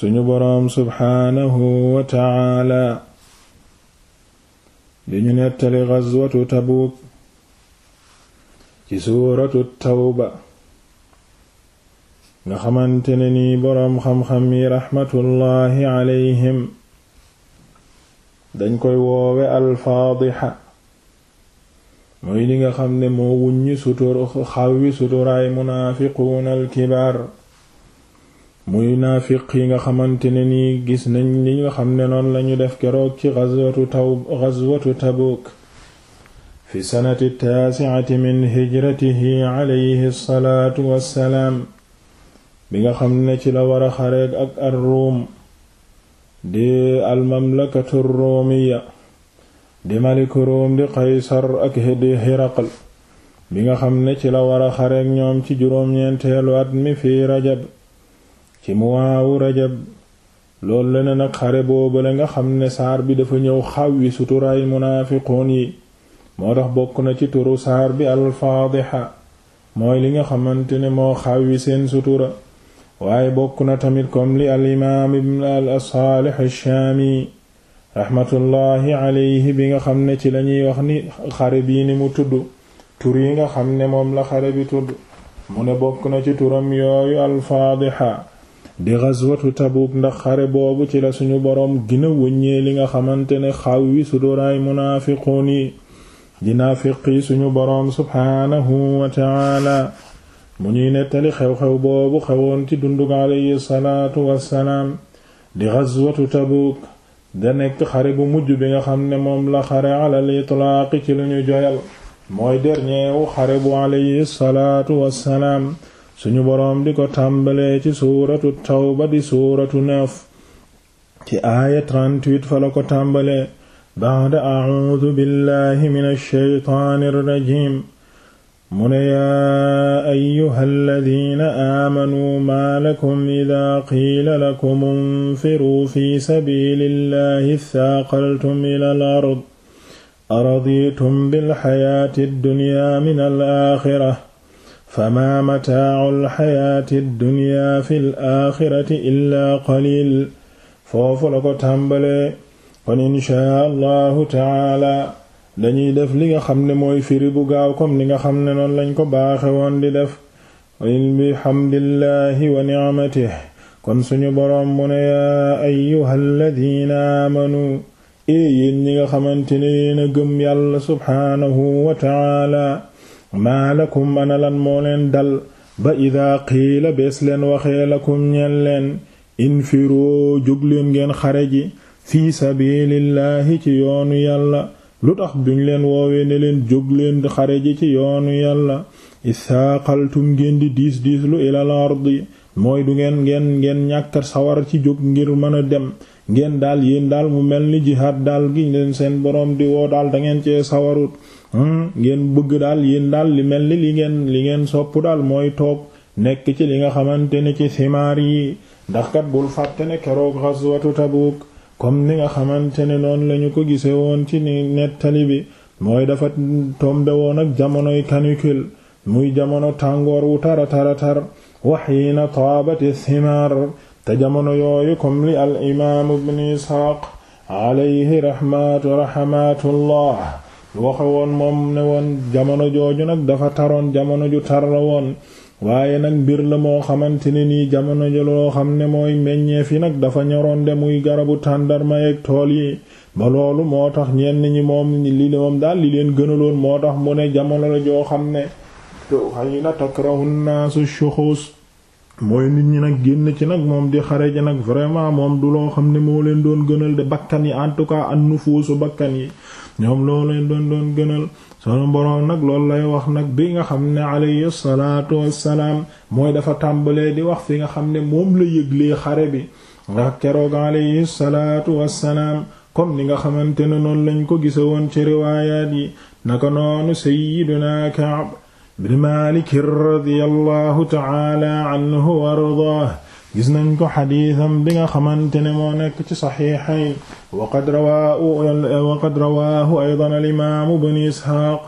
suñu boroom subxaanahu wa taala di ñu nettali gazwatu tabuuk ci suuratu tawba nga xamante ne nii boroom xam-xam yi raxmatullaahi alayhim dañ koy woowe alfaadixa mooy li nga xam ne moo wuññi sutur xawwi suturaay munaafiquuna alkibaar muy naafiq yi nga xamante ne nii gis nañ li nga xam ne noonu lañu def keroog ci ghazwatu taw ghazwatu Tabuk fi sanati taasi'ati min hijratihi alayhi salaatu wassalaam bi nga xam ne ci la war a xareeg ak ar-Ruum di almamlakatu ruumiya di maliku Ruum di Qaysar ak di bi nga xam ne ci la war a ñoom ci juróom-ñeenteelu at fi Rajab ci muwaawu rajab loolu la ne nag xare boobale nga xam ne saar bi dafa ñëw xawwi suturaay munaafiqoon yi moo tax bokk na ci turu saar bi alfaadixa mooy li nga xamante ne moo xawwi seen sutura waaye bokk na tamit comme li al imaam ibn al saalix shaami raxmatullaahi bi nga xam ne ci lañuy wax ni xare bii ni mu tudd tur yi nga xam ne moom la xare bi tudd mu ne bokk na ci turam yooyu alfaadixa di ghazwatu Tabuk ndax xare boobu ci la suñu boroom gina wëññee li nga xamante ne xaw wi suduraay munaafiquun yi dinaafiq yi suñu boroom subhaanahu wa ta'ala mu ñuy nettali xew-xew boobu xewoon ci dundug alayhi salaatu wassalaam di ghazwatu Tabuk da nekk xare bu mujj bi nga xam ne moom la xare alal itlaaq ci lu ñu joyal mooy dernier wu xare bu alayhi salaatu wassalaam suñu boroom di ko tàmbalee ci suuratu tawba di suuratu neuf ci aaya 38 fa la ko tàmbalee ba'da a'uudu billahi minash shaytaanir rajiim mu ne yaa ayyuha alladina aamanuu maa lakum ida qiila lakum unfiruu fi sabili illahi ithaaqaltum ila al ard aradiitum bilxayaati dduniya min al axira famaa mataacu alxayaati dduniya fi l axirati illaa qalil foofu la ko tàmbalee kon inchaa allahu taala dañuy def li nga xam ne mooy firi bu gaaw comme li nga xam ne noonu lañ ko baaxe woon di def bi xamdillaahi wa nicmatih kon suñu boroom mu ne yaa ayuha alladina aamanu e yéen ñi nga xamante ne yéen a gëm yàlla subhaanahu wa taala maa lakum ana lan moo leen dal ba idaa qiila bees leen waxee lakum ñeen leen infiroo jóg leen ngeen xare ji fii sabiilillaahi ci yoonu yàlla lu tax duñ leen woowee ne leen jóg leen xare ji ci yoonu yàlla isaaqaltum ngeen di diis diis lu ilal ardi mooy du ngeen ngeen ngeen ñàkk sawar ci jóg ngir mën a dem ngeen daal yéen daal mu mel ni jihaad dal gi leen seen boroom di woo daal dangeen ci sawarut Hmm? ngeen bëgg daal yéen daal li mel ni li ngeen li ngeen sopp daal mooy toog nekk ci li nga xamante ne ci simaar yi ndax kat bul fàtte ne keroog xaswatu Tabuk comme ni nga xamante ne noonu lañu ko gisee woon ci ni nettali bi mooy dafa tombe woon ak jamonoy canicule muy jamono tàngoor wu tara tara tar na taabati simaar te jamono yooyu comme li al imaam ibn Isxaaq alayhi rahmatu rahmatullah waxe woon moom ne woon jamono jooju nag dafa taroon jamono ju tar la woon waaye nag mbir la moo xamante ne nii jamono ji loo xam ne mooy meññeef yi nag dafa ñoroon de muy garabu tàndarma yeeg tool yi ba loolu moo tax ñenn ñi moom li moom daal li leen gënaloon moo tax mu ne jamono la joo xam ne xëy na takrahu naasu mooy nit ñi nag génn ci nag moom di xare ji nag vraiment moom du loo xam ne moo leen doon gënal de bakkan yi en tout cas an nufuusu bakkan yi ñoom loolu leen doon doon gënal sunu boroom nag loolu lay wax nag bi nga xam ne alayhi salaatu wassalaam mooy dafa tàmbalee di wax fi nga xam ne moom la yëglee xare bi ndax keroog alayhi salaatu wassalaam comme ni nga xamante ne noonu lañ ko gisa woon ci riwaayaat yi naka noonu sayyiduna Ka'b bin Maalik radiyallahu ta'ala anhu wa ardaahu gis nañ ko xadiisam bi nga xamante ne moo nekk ci saxiixayn waqad rawaahu waqad rawaahu aydan alimaamu bnu isxaaq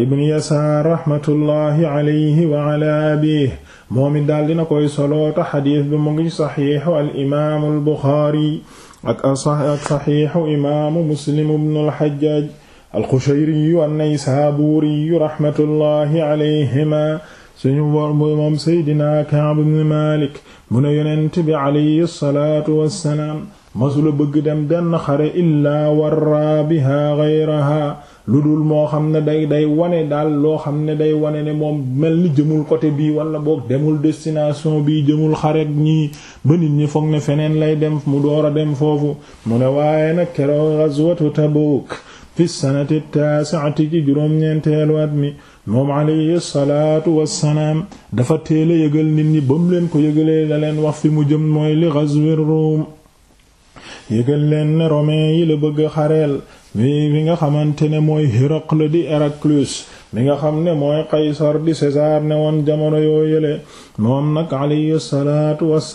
ibnu yasaar raxmatullahi alayhi wa ala abiih moom it daal dina koy soloota xadiis bi mu ngi saxiixu alimaamu albuxaari ak ak saxiixu imaamu muslim bnu alxajjaaj alxushayriyu annaysaabuuriyu raxmatullahi alayhima suñu moom seydina Kaab ibn Maalik mu ne yonent bi alayhi salaatu wassalaam masula bëgg dem benn xare illaa warraa bihaa gayrahaa lu dul moo xam ne day day wane daal loo xam ne day wane ne moom mel ni jëmul côté bii wala boog demul destination bii jëmul xare ñii ba nit ñi foog ne feneen lay dem mu door a dem foofu mu ne waaye nag keroog ghazwatu Tabuk fi sanati taasi'ati ci juróom-ñeenteelu at mi moom alayhi salaatu wassalaam dafa teel a yëgal nit ñi ba leen ko yëgalee la leen wax fi mu jëm mooy li ghazwir Rum yëgal leen ne romain yi la bëgg xareel wi fi nga xamante ne mooy Héracle di Héraclius mi nga xam ne mooy Qaysar di César ne woon jamono yoo yële moom nag alayhi salaatu wax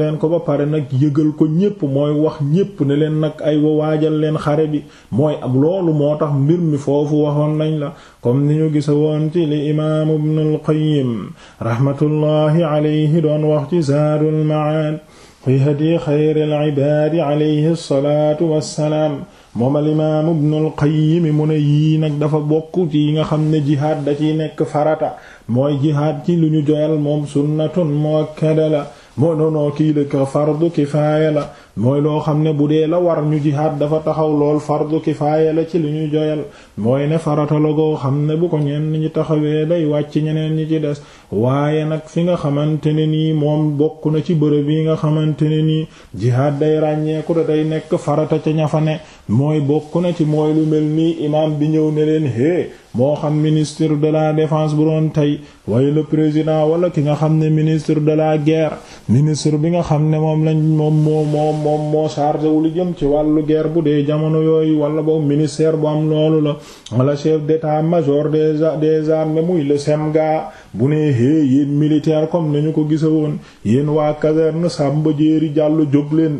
leen ko ba pare nag yëgal ko ñépp mooy wax ñépp ne leen nag ay waajal leen xare bi mooy ab loolu moo tax mbir mi foofu waxoon nañ la comme ni ñu gisa woon ci li imaam Ibn al-Qayyim rahmatullahi alayhi doon wax ci Zaadul Ma'aad fi hadyi xayril ibaad alayhi salaatu wassalaam moom alimaam ibnul qayyim mu ne yii nag dafa bokk ci yi nga xam ne jihaad da ciy nekk farata mooy jihaad ci lu ñu joyal moom sunnatun muakkada la moo noonoo kii la ko fardu kifaaya la mooy loo xam ne bu dee la war ñu jihaad dafa taxaw lool fardu kifaaya la ci li ñu joyal mooy ne farata la xam ne bu ko ñenn ñi taxawee day wàcc ñeneen ñi ci des waaye nag fi nga xamante ne nii moom bokk na ci bërëb yi nga xamante ne nii jihaad day ràññeeku da day nekk farata ca ña fa mooy bokk na ci mooy lu mel nii imaam bi ñëw ne leen hé moo xam ministre de la défense bu doon tey waaye le président wala ki nga xam ne ministre de la guerre ministre bi nga xam ne moom lañ moom moo moom moo chargé wu lu jëm ci wàllu guerre bu dee jamono yooyu wala boobu ministère bu am loolu la wala chef d'état-major des des armées muy le SEMGA bu nee hee yéen militaire comme nañu ko gisa woon yéen waa caserne Samba Diéry Diallo jóg leen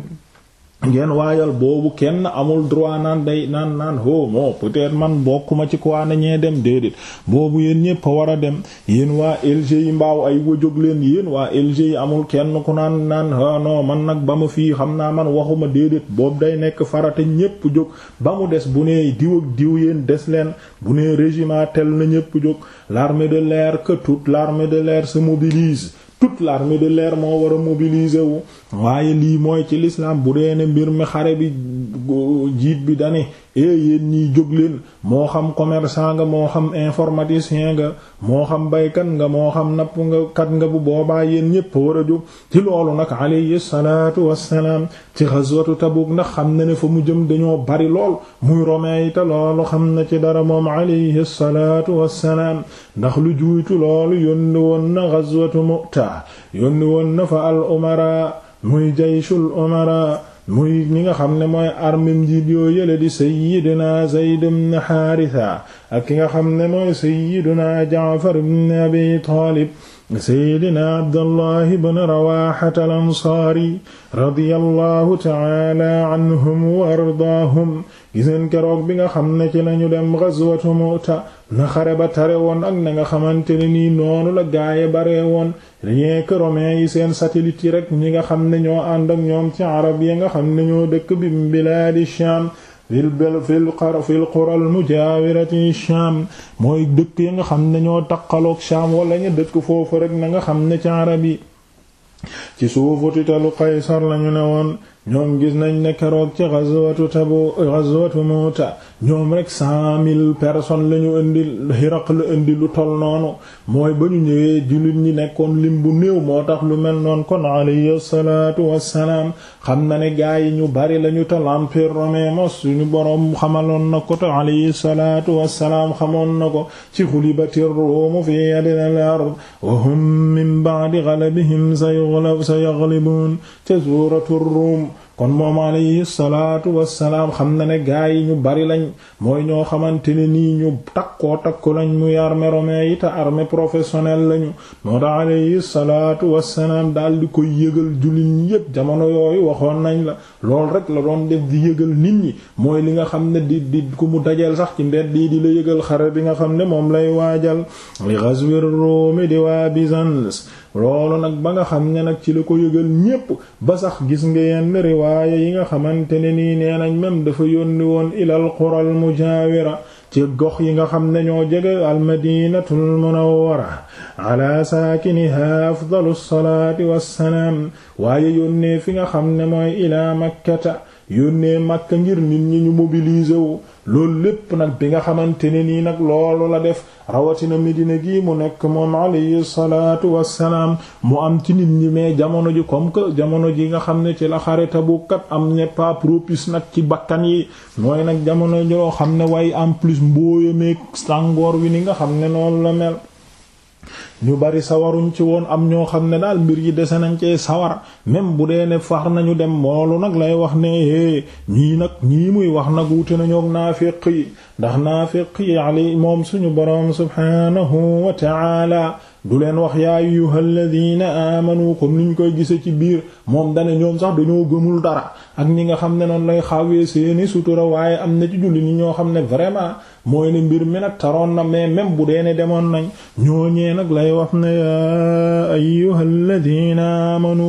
ngeen waayal boobu kenn amul droit naan day naan naan ho mo peut-être man bokkuma ci quoi na ñee dem déedéet boobu yéen ñépp a war a dem yéen waa LG yi mbaaw ay wajóg leen yéen waa LG yi amul kenn ku naan naan ah man nag ba mu fii xam naa man waxuma déedéet boobu day nekk farata ñépp jóg ba mu des bu nee diw ak diw yéen des leen bu nee régiment tel na ñépp jóg l'armée de l'air que toute l'armée de l'air se mobilise toute mi de leer moo war a mobiliser wu waaye lii mooy ci lislaam bu dee ne mbir mi xare bi jiit bi dane e yéen ñiy jóg leen moo xam commerçant nga moo xam informaticien nga moo xam baykat nga moo xam napp nga kat nga bu boobaa yéen ñépp war a jóg ci loolu nag alayhi salaatu wassalaam ci ghazwatu Tabuk ndax xam na ne fa mu jëm dañoo bari lool muy romain loolu xam na ci dara moom alayhi salaatu wassalaam ndax lu juutu loolu yónni woon na ghazwatu Mu'ta yónni woon na fa al umara muy jayshul umara muy ñi nga xam ne mooy armim njiit yoo yële di sayyidina Zayd ibn Haritha ak ki nga xam ne mooy sayyidina Ja'far ibn Abi Talib sayyidina Abdallah ibn Rawaha al-Ansari radiyallahu ta'ala anhum wa ardaahum gis ngeen keroog bi nga xam ne ci lañu dem ghazwatu Mu'ta na xare ba tare woon ak na nga xamante ni nii noonu la gaaye bare woon dañee que romains yi seen satelit yi rek ñi nga xam ne ñoo ànd ak ñoom ci arab yi nga xam ne ñoo dëkk bi bilaadi Sham fil fil qura al mujaawirati Sham mooy dëkk yi nga xam ne ñoo taqalook Sham wala ñu dëkk foofu rek na nga xam ne ci arab yi ci suufu titalu Qaysar lañu ne woon ñoom gis nañ ne keroog ci ta Tabu ghazwatu Mu'ta ñoom rek cent mille personnes la Hiraq la indi lu tol noonu mooy ba ñu ñëwee jullit ñi nekkoon lim bu néew moo tax lu mel noon kon alayhi salaatu wassalaam xam na ne gaa yi ñu bari lañu tal empire romain mos suñu boroom xamaloon na ko te alayhi salaatu wassalaam xamoon na ko ci ghulibatir Rum fi adnal ard wa hum min ba'di ghalabihim sayaghlibun ca suuratu Rum kon moom alayhi salaatu wassalaam xam na ne gaa yi ñu bari lañ mooy ñoo xamante ne nii ñu takkoo takku lañ muy armée romaine yi te armée professionnelle lañu moo tax alayhi salaatu wassalaam daal di koy yëgal juli ñi yépp jamono yooyu waxoon nañ la lool rek la doon def di yëgal nit ñi mooy li nga xam ne di di ku mu dajeel sax ci mbedd yi di la yëgal xare bi nga xam ne moom lay waajal li ghazwir di waa Byzance loolu nag ba nga xam ne nag ci la ko yëgal ñépp ba sax gis nga yenn riwaaya yi nga xamante ne nii nee nañ même dafa yónni woon ilal qural mujaawira ci gox yi nga xam ne ñoo jege almadinatul munawwara ala saakiniha afdalu salaati wassalaam waaye yónnee fi nga xam ne mooy ilaa makkata yónnee Makka ngir nit ñi ñu mobiliser wu loolu lépp nag bi nga xamante ni nii nag loolu la def rawatina Medina gi mu nekk moom alayhi salaatu wassalaam mu am ci nit ñi mais jamono ji comme que jamono ji nga xam ne ci la xare Tabuk am ne pas nag ci bakkan yi mooy nag jamono joo xam ne way en plus mbooyameeg sàngoor wi ni nga xam ne noonu la mel ñu bari sawaruñ ci woon am ñoo xam ne daal mbir yi dese nañ cee sawar même bu dee ne far nañu dem moolu nag lay wax ne é eh, ñii nag ñii muy wax nag wute nañoog naafiq yi ndax naafiq yi ali moom suñu boroom subhanahu wa ta'ala du leen wax yaa ayyuhal ladina amanu comme niñ koy gise ci biir moom dane ñoom sax dañoo gëmul dara ak ñi nga xam ne noonu lay xawee seeni sutura waaye am na ci julli ñi ñoo xam ne vraiment mooy ne mbir mi nag taroon na mais même bu dee demoon nañ nag wax na yaa ayyuhal ladina amanu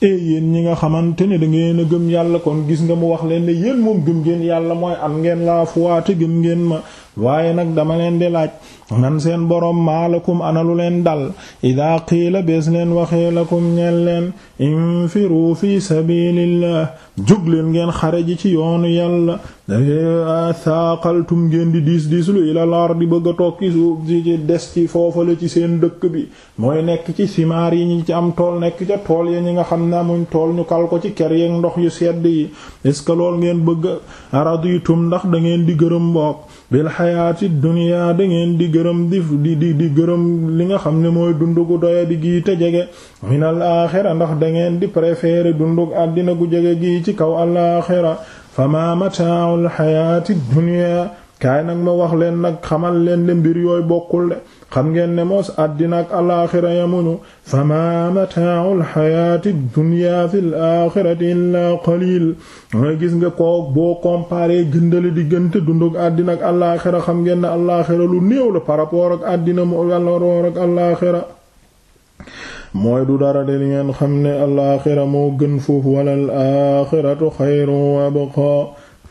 e yéen ñi nga xamante ne da ngeen a gëm yàlla kon gis nga mu wax leen ne moom gëm ngeen yàlla mooy am ngeen laa fuwaate gëm ngeen ma waaye nag dama leen di laaj man seen boroom maalakum analu leen dal idaa qiila bés leen waxee lakum ñeel leen infiru fi sabilillah jug leen ngeen xare ji ci yoonu yàlla da saaqaltum ngeen di diis diis lu ilal di bëgg a toog ci suuf si ci des ci foofale ci seen dëkk bi mooy nekk ci simaar yi ñu ci am tool nekk ca tool ya ñi nga xam ne amuñ tool ñu kal ko ci ker yeeg ndox yu sedd yi est ce que lool ngeen bëgg tum ndax da ngeen di gërëm mbook bil xayaati duniyaa dangeen di gërëm di di di gërëm li nga xam ne mooy dund gu di gii te jege minal aaxira ndax dangeen di préférer dundug àddina gu jege gii ci kaw alaaxira fama mataa'ul xayaati duniyaa kaay nag ma wax leen nag xamal leen le mbir yooy bokkul de xam ngeen ne moos àddina ak alaaxira yamuñu fama mataau lxayaati dunya fi l axirati illaa qalil mooy gis nga koo boo comparé gëndale diggante dundug àddina ak alaaxira xam ngeen ne alaaxira lu néew la par rapport ak àddina mu alaaxira du dara de li ngeen xam moo gën foofu wala al axiratu xayru wa abqa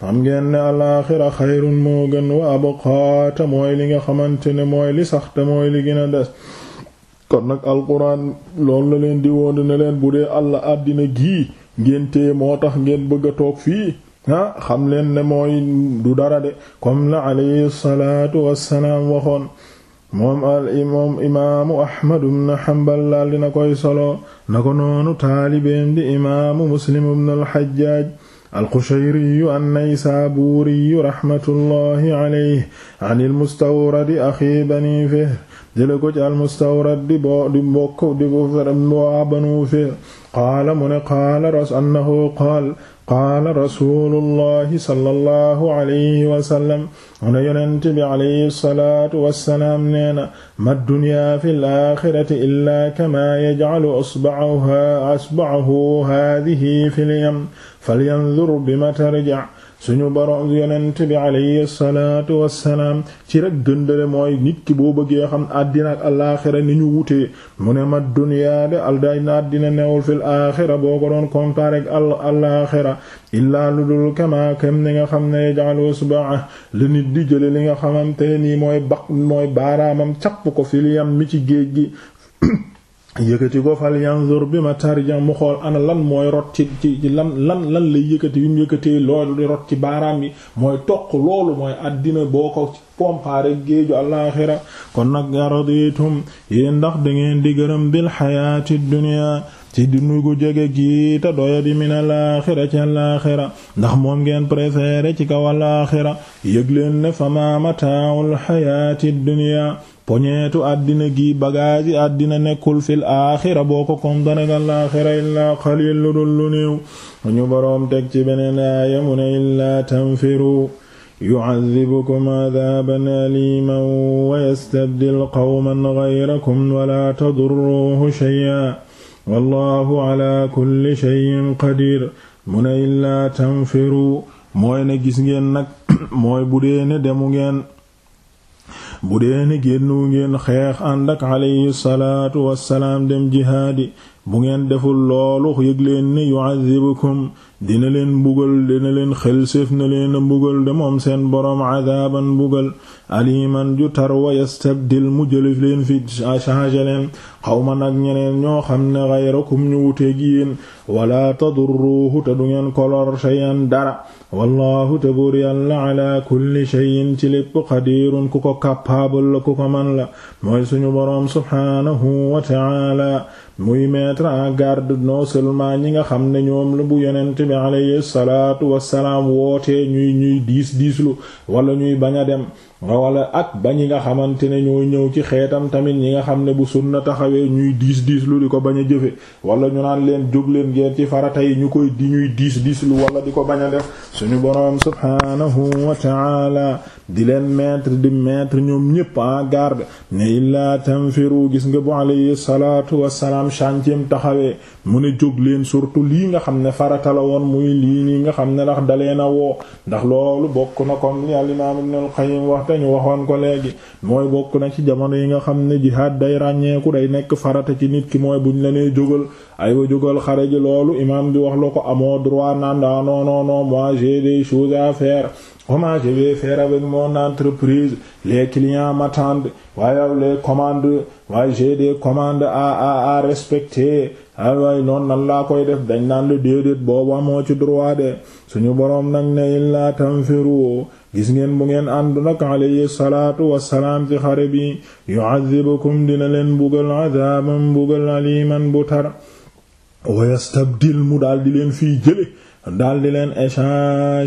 xam ngeen ne alaaxira xayrun moo wa abqaa te li nga xamante ne mooy li sax te mooy li gën a des kon nag alquran loolu leen di woon leen bu dee àll àddina gii ngeen téye moo tax ngeen bëgg a toog fii xam leen ne mooy du dara de comme la alayhi salaatu wassalaam waxoon moom imaamu ahmad ibn hanbal daal dina koy solo na ko noonu taalibeem di imaamu muslim ibn al alqushayriyu annaysaabuuriyu raxmatullahi alayhi an ilmustawradi axi bani fihr jële ko ci almustawrad di boo di mbokk di waa banu fihr qaala mu ne qaala ras annahu qaal qaala rasulullahi sallallahu alayhi wasallam mu ne yonent bi alayhi salaatu wassalaam nee na ma dunya fi laaxirati illaa kamaa yajcalu asbacahu haadihi fi lyam falyandur bima tarjac suñu borom yonent bi alayhi salaatu wassalaam ci rek gëndale mooy nit ki boo bëggee xam àddina ak alaaxira ni ñu wutee mu ne ma dunyaa de alday na àddina newul fil aaxira boo ko doon comparer ak al alaaxira illaa lu dul kamaa ni nga xam ne yaj'alu usba'a la nit di jële li nga xamante nii mooy baq mooy baaraamam capp ko fil yam mi ci géej gi yëkkati ko fal yanzur bi ma tarjan mu xool ana lan mooy rot ci ci lan lan lan lay yëkkati bi mu yëkkatee loolu di rot ci baaraam yi mooy toq loolu mooy àddina boo ko comparer géeju alaaxira kon nag araditum yéen ndax dangeen di gërëm bi xayaati dunya ci dund gu jege gii te doyadi alaaxira ci alaaxira ndax moom ngeen préféré ci kaw alaaxira yëg ne fa ma xayaati dunya poñeetu àddina gi bagage àddina nekkul fil aaxira boo ko kom danaka laaxira illaa xaliil lu dul lu néew ñu boroom ci beneen aaya tanfiru yu'adhibukum adhaaban aliiman wa yastabdil qawman ghayrakum walaa tadurruhu shay'an tanfiru mooy ne gis ngeen mooy bu dee bu dee ne génnu ngeen xeex ànd ak alayhi salaatu wassalaam dem jihaadi bu ngeen deful loolu yëg leen ne yu'adhibukum dina leen mbugal dina leen xelséef na leen a mbugal de moom seen boroom adaaban mbugal aliman ju tar wa yastabdil mu jëlif leen fi changé leen xawman ak ñeneen ñoo xam ne xayrakum ñu wuteeg yéen wala tadurruhu te du ngeen kolor shay'an dara wallahu te buur yàlla ala kulli shay'in ci lépp qadirun ku ko capable la ku ko man la mooy suñu boroom subhaanahu wa ta'ala muy mettre en garde non seulement ñi nga xam ne ñoom la bu yonent bi alayhi salaatu wassalaam wootee ñuy ñuy diis diislu wala ñuy bañ a dem wala ak ba ñi nga xamante ne ñoo ñëw ci xeetam tamit ñi nga xam ne bu sunna taxawee ñuy diis diis lu di ko bañ a jëfe wala ñu naan leen jóg leen ngeen ci farata yi ñu koy di ñuy diis diis lu wala di ko bañ a def suñu boroom subhaanahu wa ta'ala di leen mettre di mettre ñoom ñépp en garde ne illaa tanfiru gis nga bu alayhi salaatu wassalaam chantième taxawee mu ne jóg leen surtout lii nga xam ne farata la woon muy lii nii nga xam ne ndax dalee na woo ndax loolu bokk na comme te ñu waxoon ko léegi mooy bokk na ci jamono yi nga xam ne jihaad day ràññeeku day nekk farata ci nit ki mooy buñ la nee jógal aywa jógal xare ji loolu imaam bi wax la ko amoo droit naan ah, non non no moi j'ai des choses à faire comment je vais faire avec mon entreprise les clients m'attendent waaye les commande waaye j'ai commande à à à respecter ah, waaye noonu nan laa koy def dañ naan la déedéet boobu amoo ci droit de suñu boroom nag ne illaa tanfiru gis ngeen bu ngeen ànd nag alayhi salaatu wassalaam ci xare bi yu'adhibukum dina leen bugal adaaban bugal aliman bu tar wa yastabdil mu daal di leen fiy jële daal di leen échanger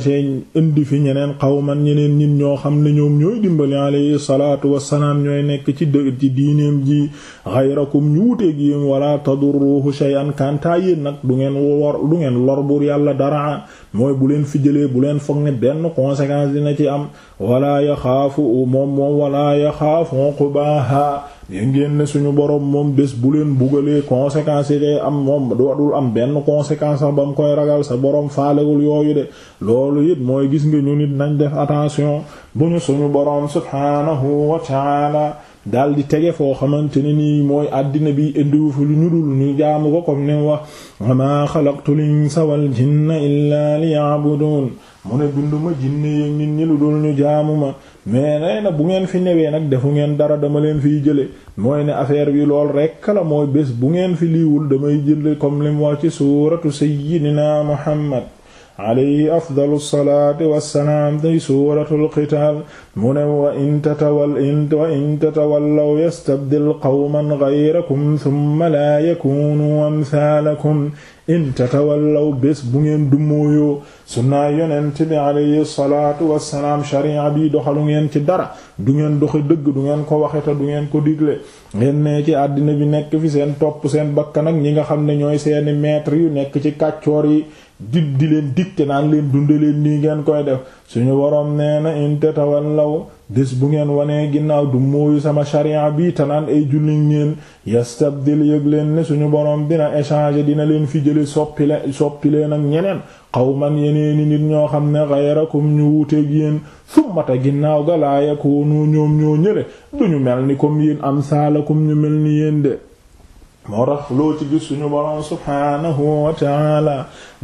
indi fi ñeneen xawman ñeneen nit ñoo xam ne ñoom ñooy dimbali alayhi salaatu wassalaam ñooy nekk ci dë diineem ji xayrakum ñu wuteeg yéen wala tadurruhu an kanta yéen nag du ngeen wor ngeen lor buur yàlla dara mooy bu leen fi jëlee bu leen foog ne benn conséquence dina ci am wala yaxaafu moom moom wala yaxaafu uqbaha yéen ngeen ne suñu borom moom bés bu leen bugalee conséquences yi day am moom dootul am benn conséquence sax ba mu koy ragal sa borom faalewul yooyu de loolu it mooy gis nga ñu nit nañ def attention bu ñu suñu boroom subhaanahu wa daal di tege foo xamante ne nii mooy àddina bi indiwu fi lu ñu dul ñu jaamu ko kom ni wax wa maa xalaqtul insa wal jinna illaa liya'budun mu ne binduma jinne yi nit ñi lu dul ñu jaamu ma mais nee na bu ngeen fi newee nag defu ngeen dara dama leen fiy jële mooy ne affaire bi lool rekk la mooy bés bu ngeen fi liiwul damay jële comme li mu wax ci suuratu sayyidina Muhammad alayhi afdalu salaati wassalaam day suuratul qitaal mu ne wa in tatawal in wa in tatawallaw yastabdil qawman ghayrakum thumma laa yakuunu amthaalakum in tatawallaw bés bu ngeen dummóoyoo sunnaa yonent bi alayhi salaatu wassalaam sharia bi doxalu ngeen ci dara du ngeen doxe dëgg du ngeen ko waxe te du ngeen ko digle ngeen ne ci àddina bi nekk fi seen topp seen bakkan ak ñi nga xam ne ñooy seeni maître yu nekk ci kàccoor yi di di leen dicté naan leen dunde leen nii ngeen koy def suñu boroom nee na in tatawallaw des bu ngeen wanee ginnaaw du mooyu sama sharia bi te naan ay julli ngeen yastabdil yëg leen ne suñu boroom dina échangé dina leen fi jële soppi leen soppi ak ñeneen qawman yeneeni nit ñoo xam ne ghayrakum ñu wuuteeg yéen summata ginnaaw ga laa yakuunu ñoom ñoo ñële duñu mel ni comme yéen amsaalakum ñu mel ni yéen de moo tax loo ci gis suñu boroom subhaanahu wa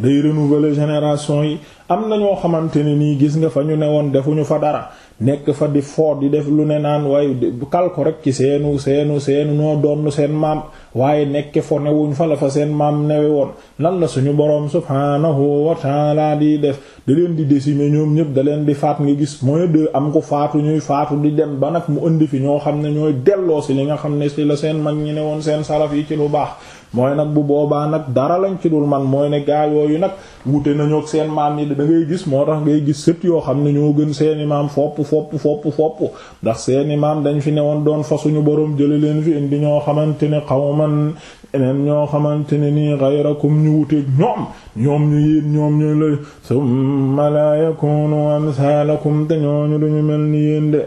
day renouveler génération yi am na ñoo xamante ne nii gis nga fa ñu ne woon defuñu fa dara nekk fa di foo di def lu ne naan waaye kal ko rek ci seenu seenu seenu ñoo doon seen maam waaye nekk fo newuñ fa la fa seen maam newe woon nan la suñu boroom subhaanahu wa laa di def da leen di décimer ñoom ñëpp da leen di faat nga gis mooy de am ko faatu ñuy faatu di dem ba nag mu indi fi ñoo xam ne ñooy delloo si li nga xam ne si la seen mag ñi ne woon seen salaf yi ci lu baax mooy nag bu boobaa nag dara lañ ci dul man mooy ne gaa yooyu nag wute nañoog seen maam yi da ngay gis moo tax ngay gis sët yoo xam ne ñoo gën seeni maam fopp fopp fopp fopp ndax seeni maam dañ fi ne woon doon fa suñu boroom jële leen fi indi ñoo xamante ne man eneen ñoo xamante ne nii ghayrakum ñu wuteeg ñoom ñoom ñu yéen ñoom ñu la summa la yakunu amsalakum te ñooñu duñu mel ni yéen de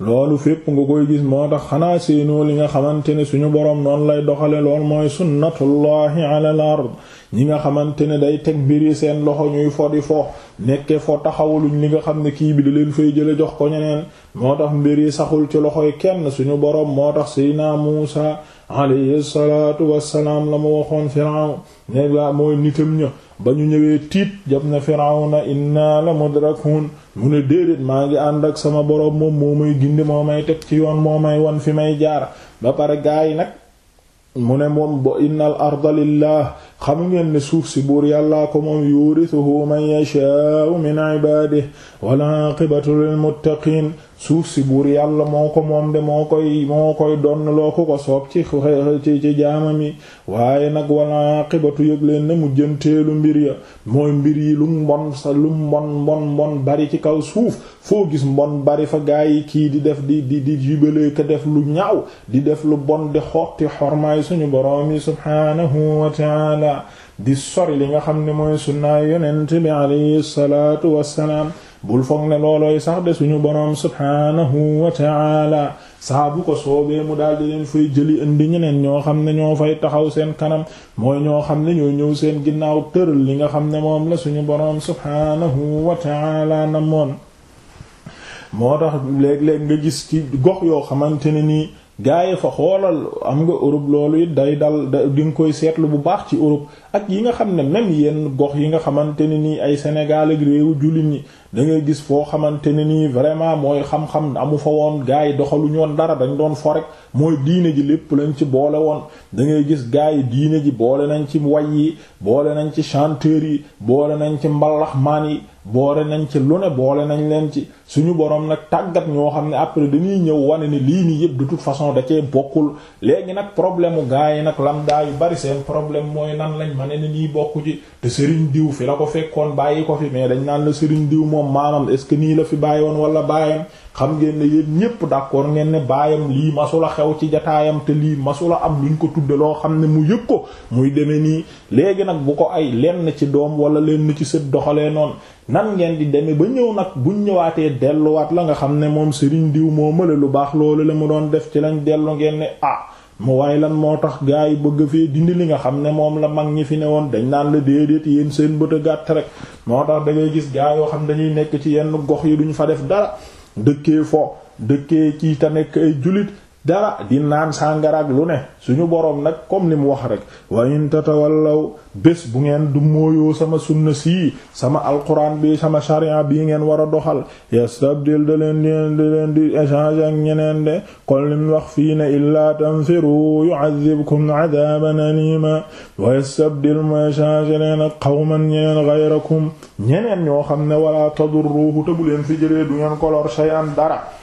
loolu fépp nga koy gis moo tax xanaa seenoo li nga xamante ne suñu boroom noonu lay doxale lool mooy sunnatullahi ala al ard ñi nga xamante ne day teg mbir yi seen loxo ñuy fo di fo nekke fo taxawaluñ li nga xam ne kii bi da leen fay jële jox ko ñeneen moo tax mbir yi saxul ci loxoy kenn suñu boroom moo tax Seydina Muusa alayhi salaatu wassalaam la mu waxoon Firawn ne la mooy nitam ña ba ñu ñëwee tiit jam na firawna inna la mudrakun mu ne déedéet maa ngi ànd ak sama boroom moom moo may gindi moo may teg ci yoon moo may wan fi may jaar ba pare gaa yi nag mu ne moom lillah xam ngeen ne suuf si buur yàllaa ko moom yurithuhu man yashaa'u min ibaadihi wal aaqibatu lil muttaqiin suuf si buur yàlla moo ko moom de moo koy moo koy donn loo ko ko soob ci ci ci jaamam yi waaye nag wala xibatu yëg leen ne mu jënteelu mbir ya mooy mbir yi lu mbon sa lu mbon mbon mbon bari ci kaw suuf foo gis mbon bari fa gaa yi kii di def di di di jubalee ka def lu ñaaw di def lu bon di xotti xormaay suñu boroom yi subhaanahu wa di sori li nga xam ne mooy sunnaay yonent bi alayhi salaatu wassalaam bul foog ne loolooy sax de suñu boroom subhaanahu wa ta'ala saa bu ko soobee mu daal di leen fay jëli indi ñeneen ñoo xam ne ñoo fay taxaw seen kanam mooy ñoo xam ne ñoo ñëw seen ginnaaw tëral li nga xam ne moom la suñu boroom subhaanahu wa ta'ala na moon moo tax léeg-léeg nga gis ci gox yoo xamante ne nii gars yi fa xoolal am nga Europe loolu it day dal di nga koy seetlu bu baax ci Europe ak yi nga xam ne même yenn gox yi nga xamante ne nii ay Sénégal ak réewu jullit ñi da ngay gis foo xamante ne nii vraiment mooy xam-xam amu fa woon gars yi doxalu ñoon dara dañ doon fo rek mooy diine ji lépp lañ ci boole woon da ngay gis gars yi diine ji boole nañ ci way yi boole nañ ci chanteur yi boole nañ ci mbalaxmaan yi boole nañ ci lu boole nañ leen ci suñu borom nag tàggat ñoo xam ne après dañuy ñëw wane ni lii nii yëpp de toute façon da cee bokkul léegi nag problème mu gaa yi nag lam daa yu bari seen problème mooy nan lañ ma ne ni nii bokku ci te Serigne Diw fi la ko fekkoon bàyyi ko fi mais dañ naan la Serigne Diw moom maamam est-ce que nii la fi bàyyi woon wala bàyyam xam ngeen ne yéen ñépp d'accord ngeen ne baayam lii masula xew ci jataayam te lii masula am luñ ko tudde loo xam ne mu yëg ko muy demee nii léegi nag bu ko ay lenn ci doom wala lenn ci sët doxalee noonu ngeen di demee ba ñëw nag buñ delluwaat la nga xam ne moom sëriñ diw moo mala lu baax loolu la mu doon def ci lañ dellu ngeen ne ah mu waaye lan moo tax gaa yi bëgg fee dindi li nga xam ne moom la mag ñi fi ne woon dañ naan la déedéet yéen seen bët a gàtt rek moo tax dangay gis gaa yoo xam dañuy nekk ci yenn gox yi duñ fa def dara dëkkee fo dëkkee ci ta nekk ay jullit dara di naan sàngara lu ne suñu boroom nag comme li mu wax rek wa in tatawallaw bés bu ngeen du mooyoo sama sunna si sama alquran bi sama sharia bii ngeen war a doxal yastabdil da di da leen di échange ak ñeneen de kon lim wax fii ne illaa tanfiru yu'adhibkum 'adaban alima wa yastabdil mu échange leen ak qawman ñeneen ghayrakum ñeneen ñoo xam ne wala tadurruhu te bu leen fi jëlee du ngeen ko lor dara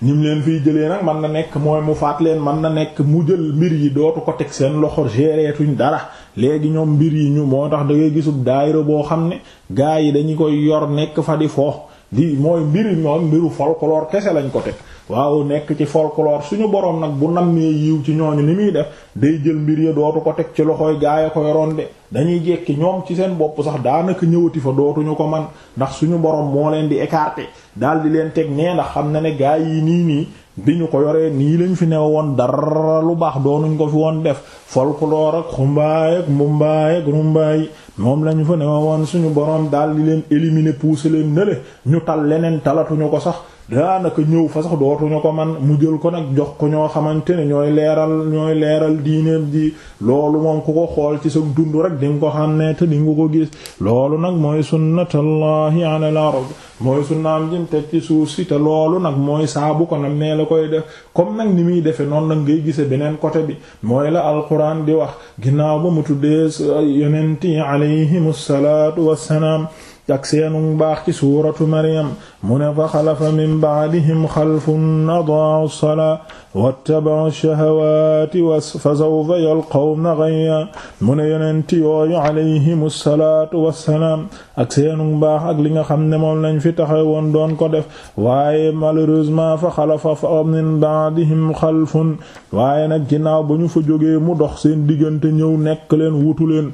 ñim leen fiy jëlee nag man na nekk mooy mu faat leen man na nekk mu jël mbir yi dootu ko teg seen loxo géreetuñ dara léegi ñoom mbir yi ñu moo tax da ngay gisub daayira boo xam ne gaa yi dañu koy yor nekk fa di fo di mooy mbir yi ñoom mbiru folklore kese lañ ko teg waaw nekk ci folklore suñu borom nag bu nammee yiw ci ñooñu ni muy def day jël mbir ya dootu ko teg ci loxoy gaaya ko yoroon de dañuy jekki ñoom ci seen bopp sax daanaka ñëwati fa dootuñu ko man ndax suñu borom moo leen di écarter daal di leen teg nee ndax xam na ne gaay yi nii nii bi ñu ko yoree nii lañu fi new woon dara lu baax doonuñ ko fi woon def folklore ak xumbaay ak mbumbaay ak rumbaay moom lañu fa new woon suñu borom daal di leen éliminer pousser leen nële ñu tal leneen talatuñu ko sax daanaka ñëw fa sax dootuñu ko man mu jël ko nag jox ko ñoo xamante ne ñooy leeral ñooy leeral diineem ji loolu moom ku ko xool ci sa dund rek di ko xam ne te di nga ko gis loolu nag mooy sunnatullahi ala al-arab mooy sunnaam jim teg ci suuf si loolu nag mooy saabu ko nag nee la koy def comme nag ni muy defee noonu nag ngay gise beneen côté bi mooy la alquran di wax ginnaaw ba mu tuddee yonent yi alayhimu salaatu wassalaam ak seenu baax ci suuratu Maryam mu ne fa xalafa min ba'dihim xalfun adaa'u salaa wattaba'u shahawaati fa sawfa yalqawna ghayya mu ne yonent yooyu alayhimu salaatu wassalaam ak seenu baax ak li nga xam ne moom lañ fi taxaw woon doon ko def waaye malheureusement fa xalafa min ba'dihim xalfun waaye nag ginnaaw ba ñu fa jógee mu dox seen diggante ñëw nekk leen wutu leen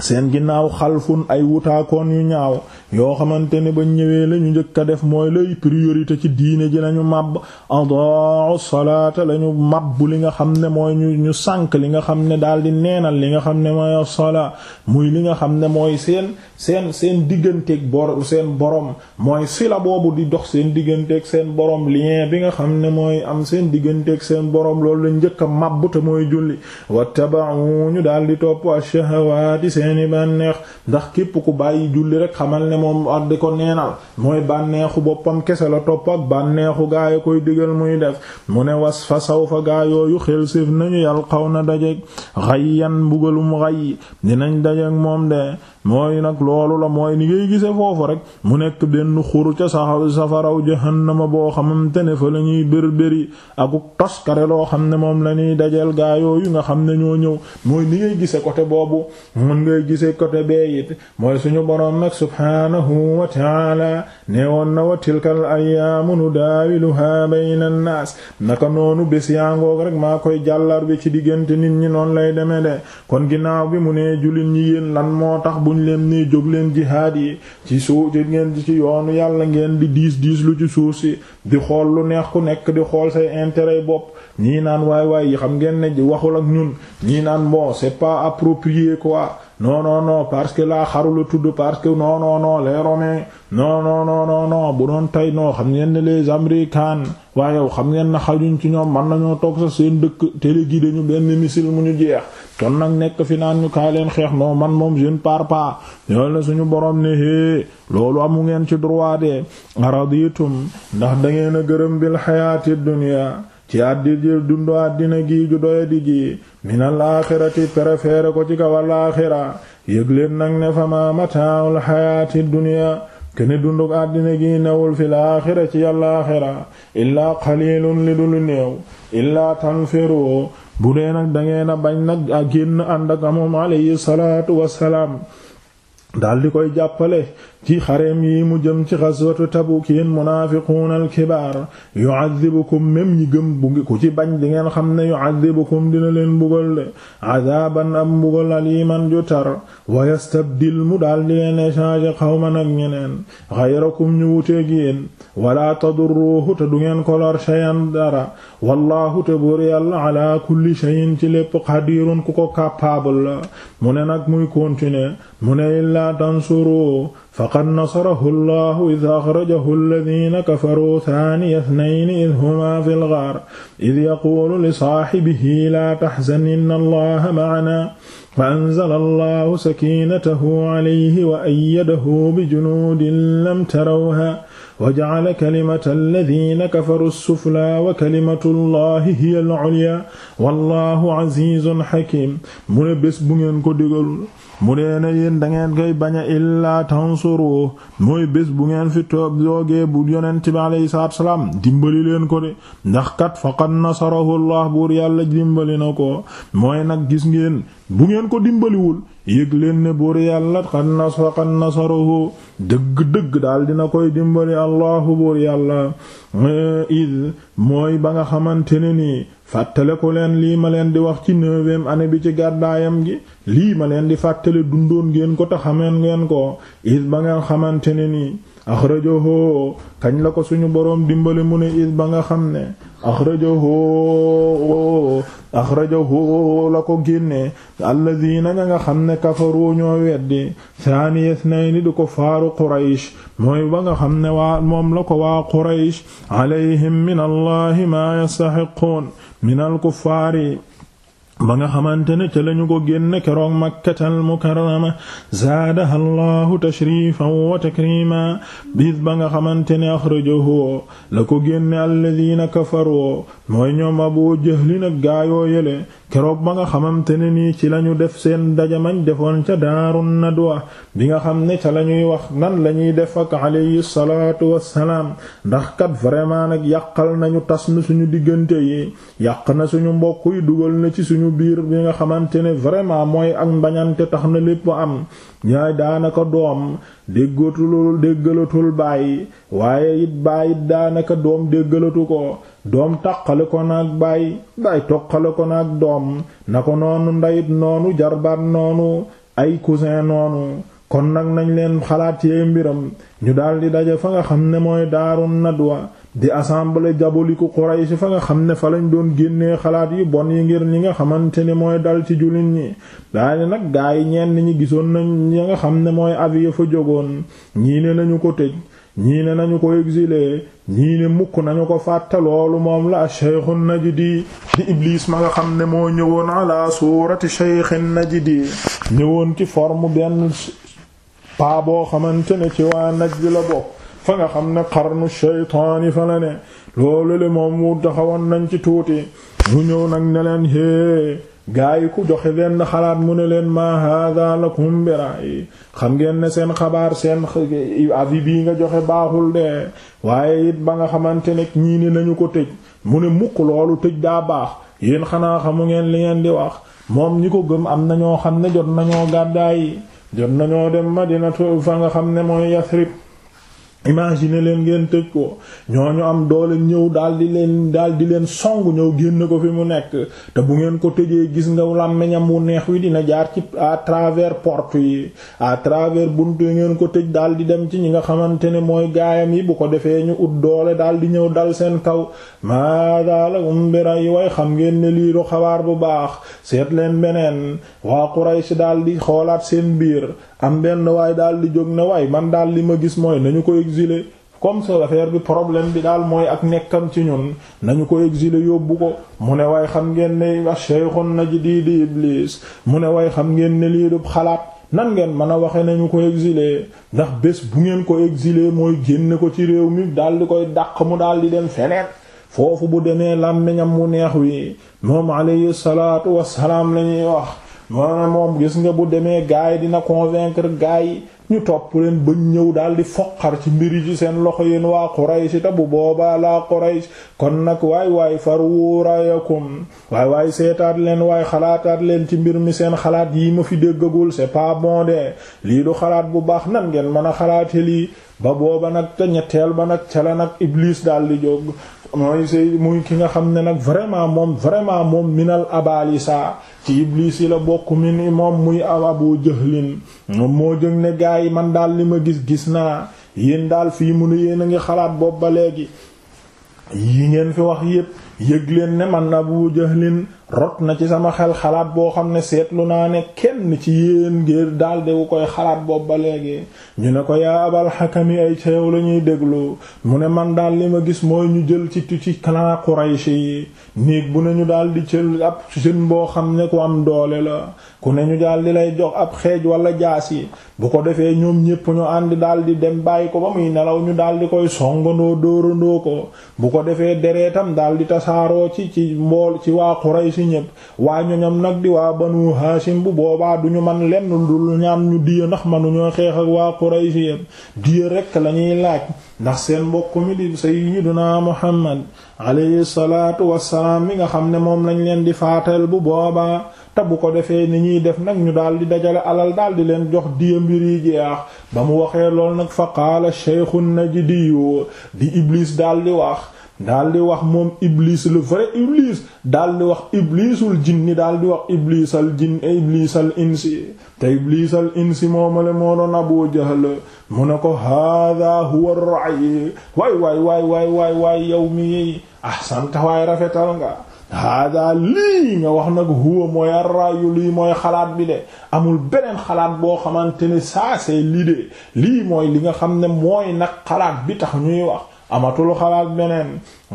seen ginnaaw xalfun ay wutaakoon yu ñaaw yoo xamante ne ba ñëwee la ñu njëkk a def mooy lay priorité ci diine ji lañu màbb adaa salaata lañu màbb li nga xam ne mooy ñu ñu sànk li nga xam ne daal di neenal li nga xam ne mooy salaa muy li nga xam ne mooy seen seen seen digganteeg bor seen borom mooy sila boobu di dox seen digganteeg seen borom lien bi nga xam ne mooy am seen digganteeg seen borom loolu la njëkk a màbb te mooy julli wattaba'u ñu daal di topp ash seeni bànneex ndax képp ku bàyyi julli rek xamal ne moom ak di ko neenal mooy bànneexu boppam kese la topp ak bànneexu gaaya koy digal muy def mu ne was fa saw fa gaayooyu xel séef nañu yàlla xaw na dajeg yan mbugalum xay dinañ dajeg moom de mooy nag loolu la mooy ni ngay gise foofu rek mu nekk benn xur ca saxaw safaraw jahannama boo xamante ne fa la ñuy bérbéri akuk toskare loo xam ne moom la ñuy dajeel gaayooyu nga xam ne ñoo ñëw mooy ni ngay gise côté boobu mën ngay gise côté bee mooy suñu boroom nag subhaanahu wa taala nee woon na wa tilkal ayyaamu nudaawiluhaa lu an-naas naka noonu bés yaangoog rek maa koy jàllar bi ci diggante nit ñi noon lay deme de kon ginnaaw bi mu nee julin moo tax buñ leen nee jóg leen jihaad yi ci suuf ci ngeen ci yoonu yàlla ngeen di diis diis lu ci suuf si di xool lu neex ku nekk di xool say intérêt bopp ñii naan waay waay yi xam ngeen ne waxul ak ñun ñii naan bon c'est pas approprié quoi. non non non parce que la xaru la tudd parce que non non non les romains non non non non bu doon tey non xam ngeen ne les américains waaye xam ngeen na xajuñ ci ñoom man nañoo toog sax seen dëkk téléguidé ñu benn missile mu ñu jeex kon nag nekk fi naan ñu kaay leen xeex non man moom je ne pars pas la suñu borom ne hé loolu amu ngeen ci droit de araditum ndax da ngeen a gërëm bil xayaati dunya ci àddi ji dundu àddina gi ju doyadi ji minal aaxirati préféré ko ci kawal aaxira yëg leen nag ne fa ma mataawul xayaati dunya kene dunduk àddina gi newul fi laaxira ci àllaaxira illaa qalilun li néew illaa tanfiru bu dee nag dangeen a bañ nag a génn ànd ak moom alayhi salaatu wassalaam daldi koy jàppale ci xareem yii mu jëm ci xaswatu Tabuk yéen munaafiquuna alkibaar yu'adhibukum même ñi gëm bu gëm ku ci bañ di ngeen xam ne yu'adhibukum dina leen mbugal de adaaban am mbugal aliman ju tar wa yastabdil mu daal di leen échanger xawman ak ñeneen xayrakum ñu wuteeg yéen walaa tadurruhu te du ngeen ko lor shay'an dara wallahu te buur yàlla ala kulli shay'in ci lépp qadirun ku ko capable la mu ne nag muy continuer mu ne illaa tansuru faqad nasarahu allahu id axrajahu alladina kafaruu taaniya tnayni id huma fi lgaar id yaquulu li saaxibihi laa taxzan inna allaha macanaa fa anzala allahu sakiinatahu calayhi wa ayyadahu bijunuudin lam tarawha wa jacala kalimata alladina kafaru suflaa wa kalimatu allahi hiya alculyaa wallahu casiizun xakiim mu ne bés bu ngeen ko digalul mu dee na yéen dangeen ngeen koy bañ a illaa mooy bés bu ngeen fi toog yoogee bu yonent bi alayhi salaam dimbali leen ko de ndax kat faqad nasarahu allah buur yàlla dimbali na ko mooy nag gis ngeen bu ngeen ko dimbaliwul yëg leen ne buur yàlla qad nas faqad nasarahu dëgg-dëgg daal dina koy dimbali allahu buur yàlla id mooy ba nga xamante ne nii fàttale ko leen lii ma leen di wax ci neuvième année bi ci gàddaayam gi lii ma leen di fàttale dundoon ngeen ko te xameen ngeen ko is ba nga xamante ne nii rajo axrajahu kañ la ko suñu boroom dimbali mu ne is ba nga xam ne axrajahu axrajahu la ko génne alladina ña nga xam ne kafaru ñoo weddi saaniya isnayni di ko faaru quraysh mooy ba nga xam ne waa moom la ko waa quraysh alayhim min allahi maa yastaxiqoon min alkuffaari ba nga xamante ne ca lañu ko génne keroog makkatal mukarrama zaadaha allahu tashrifan wa takrima bis ba nga xamante ne axrajahu la ko génne alladina kafaru mooy ñoom abu jahlin gaayoo yele keroog ba nga xamante ne nii ci lañu def seen dajamañ defoon ca daarun nadwa bi nga xam ne ca lañuy wax nan lañuy def ak alayhi salaatu wassalaam ndax kat vraiment nag yàqal nañu tas na suñu diggante yi yàq na suñu mbokk yi dugal na ci suñu biir bi nga xamante ne vraiment mooy ak mbañante tax na lépp am yaay daanaka doom déggatul déggalatul bàyyi waaye it bàyyi daanaka doom déggalatu ko doom taqale ko naag bàyyi bàyyi toqale ko naag doom na ko noonu ndeyit noonu jarbaat noonu ay cousin noonu kon nag nañ leen xalaat ci mbiram ñu daldi daje fa nga xam ne mooy daaru nadwa di assemblée diabolique Quraysh fa nga xam ne fa lañ doon génne xalaat yi bon yi ngir ñi nga xamante ne mooy dal ci jullit ñi daane nag gaa yi ñenn ñi gisoon na ñi nga xam ne mooy avié fa jógoon ñii ne nañu ko tëj ñii ne nañu ko exiler ñii ne mukk nañu ko fàtte loolu moom la ash-shaykhu najdi di iblis ma nga xam ne moo ñëwoon ala na ji najdi ñëwoon ci forme benn paa boo xamante ne ci waa naj bi la fa nga xam ne xarnu shaytaani fa la ne loolu le moom mu taxawoon nañ ci tuuti mu ñëw nag ne leen hee gaa yi ku joxe benn xalaat mu ne leen ma hada lakum biray xam ngeen ne seen xabaar seen avis bii nga joxe baaxul de waaye it ba nga xamante ne ñii ni nañu ko tëj mu ne mukk loolu tëj daa baax yéen xanaa xamu ngeen li ngeen di wax moom ñi ko gëm am na ñoo xam ne jot nañoo gàddaay yi jot nañoo dem madinatu fa nga xam ne mooy Yasrib imagine leen ngeen tëj ko ñu am doole ñëw daal di leen daal di leen song ñëw génn ko fi mu nekk te bu ngeen ko tëjee gis nga làmmiñam wu neex wi dina jaar ci à travers porte yi à travers bunt yi ngeen ko tëj daal di dem ci ñi nga xamante ne mooy gaayam yi bu ko defee ñu ut doole daal di ñëw dal seen kaw maadaala umbira yi way xam ngeen ne lii du xabaar bu baax seet leen beneen waa Quraysh daal di xoolaat seen biir am benn waay daal di jóg ne waay man daal li ma gis mooy exiler comme ça bi problème bi daal mooy ak nekkam ci ñun nañu ko exiler yóbbu ko mu ne way xam ngeen ne wax na ashaykhun najdidi iblis mu ne way xam ngeen ne lii du xalaat nan ngeen mën a waxee nañu ko exiler ndax bés bu ngeen ko exiler mooy génne ko ci réew mi daal di koy dàq mu daal di dem feneen foofu bu demee làmmiñam wu neex wi moom alayhi salaatu wassalaam lañuy wax noonu moom gis nga bu demee gaay dina convaincre gaay yi ñu topp leen ba ñëw daal di foqar ci mbiri ci seen loxo yéen waa Quraysh te bu boobaa laa Quraysh kon nag waay waay farwu rayakum waaye waay seetaat leen waaye xalaataat leen ci mbir mi seen xalaat yi ma fi déggagul c'est pas bon de lii du xalaat bu baax nan ngeen mën a xalaate lii ba booba nag te ñetteel ba nag ca la nag Iblis daal di jóg mooy sey muy ki nga xam ne nag vraiment moom vraiment moom minal abalisa ci iblis yi la bokk min moom muy abu jahlin moom moo jëg ne gaa yi man daal li ma gis gis naa yéen daal fii mu ne yéen a ngi xalaat bopp ba léegi yi ngeen fi wax yépp yëg leen ne man abu jahlin rot na ci sama xel xalaat boo xam ne seetlu naa ne kenn ci yéen ngir daal de koy xalaat boobu ba léegi ñu ne ko yaa abal xakami ay ceew la ñuy déglu mu ne man daal li ma gis mooy ñu jël ci ci clan Quraysh yi néeg bu ne ñu daal di jël ab jeune boo xam ne ku doole la ku ne ñu daal di lay jox ab xeej wala jaas yi bu ko defee ñoom ñépp ñu ànd daal di dem bàyyi ko ba muy nelaw ñu daal di koy songandoo dóorandoo ko bu ko defee dereetam daal di tasaaroo ci ci mbool ci waa Quraysh fi ñépp waa ñoñam nag di waa banu haashim bu boobaa duñu man lenn dul ñaan ñu diya ndax manuñoo xeex ak waa Quraysh yépp diya rekk lañuy laaj ndax seen mbokk mi di sayyiduna Muhammad alayhi salaatu wassalaam mi nga xam ne moom lañ leen di faatal bu boobaa te bu ko defee ni ñuy def nag ñu daal di dajale alal daal di leen jox diya mbir yi jeex ba mu waxee lool nag fa qaala Shaykhu Najdi di Iblis daal wax daal di wax moom iblis le vrai iblis daal di wax iblisul jinni daal di wax iblisal jinn iblisal insi te iblisal insi moomale moo doon Abu Jahl mu ne ko hada huwa ar-ra'i waay waay waay waay waay yow mi ahsanta waay rafetal nga hada lii nga wax nag huwa mooy arrayu lii mooy xalaat bi de amul beneen xalaat boo xamante ne ça c'est l'idée lii mooy li nga xam ne mooy nag xalaat bi tax ñuy wax amatul xalaat beneen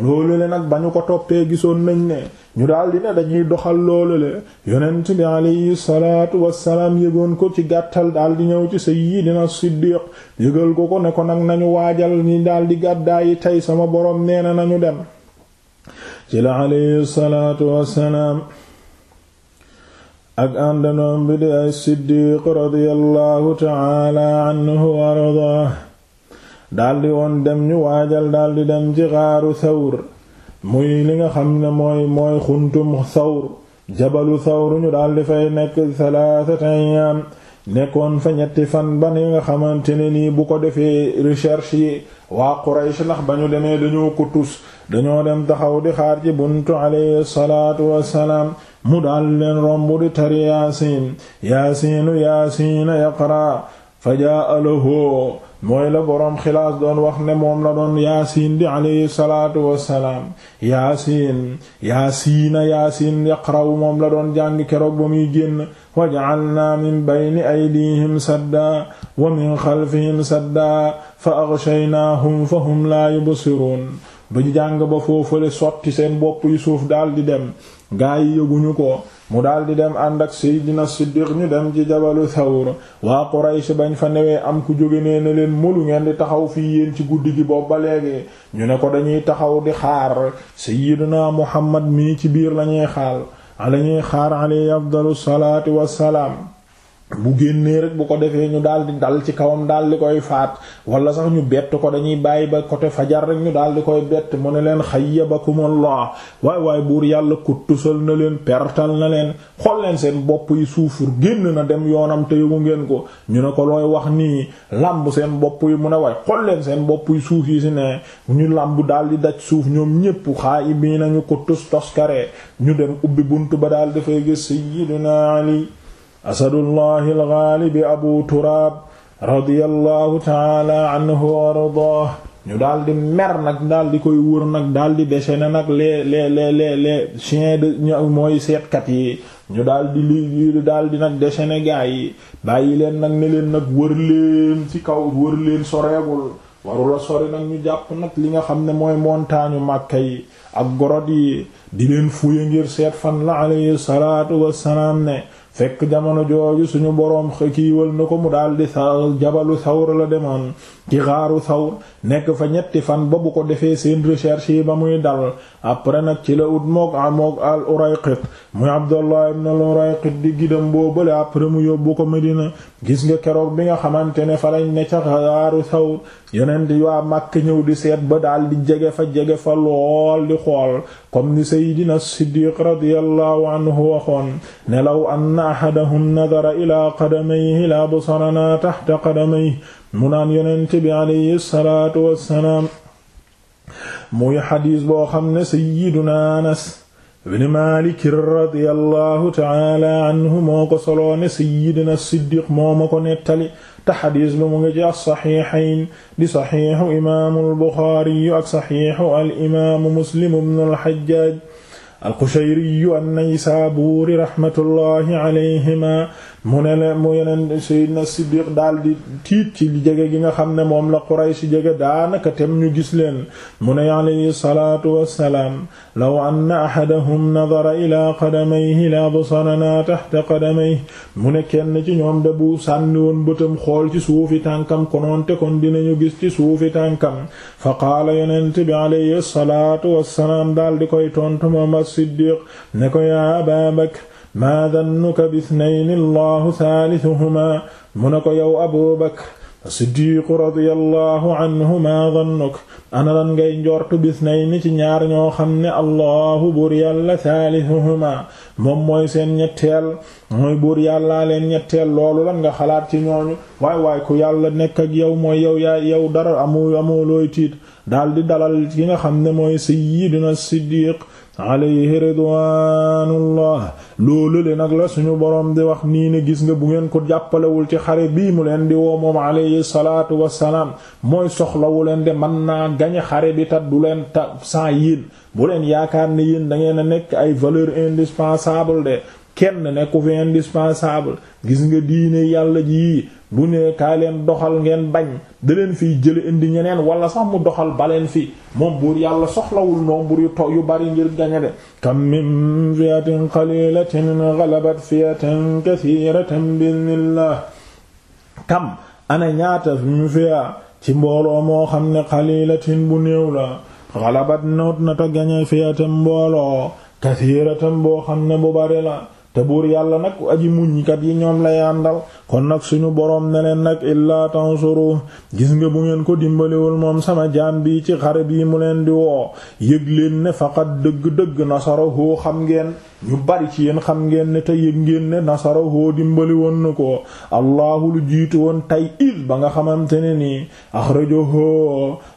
loolu le nag ba ñu ko toppee gisoon nañ ne ñu daal di ne dañuy doxal loolu le yonent bi alayhi salaatu wassalaam yëgoon ko ci gàttal daal di ñëw ci sayyidina Siddiq yëgal ko ko ne ko nag nañu waajal ni daal di gàddaayi tey sama boroom nee na nañu dem ci la alayhi salaatu wassalaam ak àndanoom bi di ay Siddiq radiyallahu ta'ala anhu wa daldi woon dem ñu waajal daldi dem ci xaaru sawr muy li nga xam ne mooy mooy xuntum sawr jabalu sawr ñu daldi fay nekk salaasata ayyaam nekkoon fa ñetti fan ba ni nga xamante ne nii bu ko defee recherche yi waa Quraysh ndax ba ñu demee dañoo ko tus dañoo dem taxaw di xaar ci buntu alayhi salaatu wassalaam mu daal leen romb di tari yaasiin yaasiinu yaasiina yaqra fa jaa alahoo mooy la borom xilaas doon wax ne moom la doon yaasiin di alayhi salaatu wassalaam yaasiin yaasiina yaasiin yaqraw moom la doon jàng keroog ba muy génn wa ja'alnaa min bayni aydihim saddaa wa min xalfihim saddaa fa aghshaynaahum fa hum laa yubsiruun ba jàng ba foofale sotti seen bopp yu suuf daal di dem gaa yi ko mu daal di dem ànd ak Seydina Siddiq ñu dem ci jabalu Thawr waa Quraysh bañ fa newee am ku jóge nee na leen mulu ngeen di taxaw fii yéen ci guddi gi boobu ba léegi ñu ne ko dañuy taxaw di xaar Seydina Muhammad mii ci biir lañuy xaal lañuy xaar alayhi afdalu salaatu wassalaam bu génnee rek bu ko defee ñu daal di dal ci kawam daal di koy faat wala sax ñu bett ko dañuy bàyyi ba côté fajar rek ñu daal di koy bett mu ne leen xayyabakumullah waay waaye buur yàlla ku tusal na leen pertal na leen xool leen seen bopp yi suufur génn na dem yoonam te yëgu ngeen ko ñu ne ko looy wax nii làmb seen bopp yi mu ne waay xool seen bopp yi suuf yi si ne ñu làmb daal di daj suuf ñoom ñépp xaa i bii nañu ko tus toskare ñu dem ubbi bunt ba daal dafay gis sayyidina Ali asadullahi algaalibi abu turaab radiyallahu taala anhu wa ardaah ñu daal mer nag daal di koy wër nag daal di déchaîner nag le les les les les chiens de mooy seetkat yi ñu daal di li daal di nag déchaîner gaa yi bàyyi leen nag ne leen nag wër leen ci kaw wër leen soreegul warula sori nag ñu jàpp nag li nga xam ne mooy montagne Makka yi ak gorod yi di leen fuye ngir seet fan la alayhi salaatu wassalaam ne fekk jamono jooju suñu boroom kiiwal na ko mu daldi sa jabalu sawr la demoon ci xaaru sawr nekk fa ñetti fan ba bu ko defee seen recherche yi ba muy dal après nag ci la ut mook amook al urayqit muy abdullah ibn al urayqit di gidam boobale après mu yóbbu ko medina gis nga keroog bi nga xamante ne fa lañ ne ca xaaru sawr yeneen di waa màkk ñëw di seet ba daal di jege fa jege fa lool di xool comme ni seydina siddiq radiyallahu anhu waxoon ne law anna ahadahum nadara ilaa qadamayhi la basaranaa taxta qadamayhi mu naan yonent bi alayhi salaatu wassalaam muy xadiis boo xam ne sayyiduna anas ibn maalik radiyallahu taala anhu moo ko soloo ne sayyidina siddiq moo ma ko nettali te xadiis bi mu ngi ci as-saxiixayn di saxiixu imaamu al-Buxaari ak saxiixu al-imaamu Muslim ibnu al-Hajjaaj al-Qushayri an-Naysaabuuri raxmatullaahi alayhimaa mu ne leen mu yeneen Seydina Siddiq daal di tiit ci jege gi nga xam ne moom la Quraysh jege daanaka tem ñu gis leen mu ne alayhi salaatu wassalaam law anna ahadahum nadara ilaa qadamayhi la absaranaa tahta qadamayhi mu ne kenn ci ñoom da bu sànni woon bëtam xool ci suufi tànkam konoonte kon dinañu gis ci suufi tànkam fa qaala yonent bi alayhi salaatu wassalaam daal di koy tontu moom as-Siddiq ne ko yaa Abaa Bakr maa dannuka bisnayni allahu thaalisuhumaa mu ne ko yow abu bakr siddiqu radiyallahu anhu maa dannuk ana lan ngay njortu bisnayni ci ñaar ñoo xam ne allahu buur yàlla thaalisuhumaa moom mooy seen ñetteel mooy buur yàllaa leen ñetteel loolu lan nga xalaat ci ñooñu waay waay ku yàlla nekk ak yow mooy yow yaa yow dara amu amoo looy tiit daal di dalal ki nga xam ne mooy sayyidina siddiq alayhi ridwaanullah loolu le nag la suñu boroom di wax nii ne gis nga bu ngeen ko jàppalewul ci xare bii mu leen di woo moom alayhi salaatu wassalaam mooy soxlawu leen de man naa gañe xare bi ta du leen ta sans yéen bu leen yaakaar ne yéen da ngeen a nekk ay valeur indispensable de kenn nekku fi indispensable gis nga diine yàlla ji bu nee kaay leen doxal ngeen bañ da leen fiy jële indi ñeneen wala sax mu doxal baleen fi moom buur yàlla soxlawul nombre yu to yu bari ngir gañe de kam min fiatin qalilatin ghalabat fiatan kathiratan bi'idhnillah kam ana ñaata ñu fiya ci mbooloo moo xam ne qalilatin bu néew la ghalabat noot na ta gañe fiatan mbooloo kathiratan boo xam ne bu bari la te buur yàlla nag aji muñkat yi ñoom la yàndal kon nag suñu boroom ne leen nag illaa tansuru gis nga bu ngeen ko dimbaliwul moom sama jaam bi ci xare bii mu leen di woo yëg leen ne faqat dëgg-dëgg nasarahu xam ngeen ñu bari ci yéen xam ngeen ne te yëg ngeen ne nasarahu dimbali woon na ko allahu lu jiitu woon tay is ba nga xamante ne nii axrajahu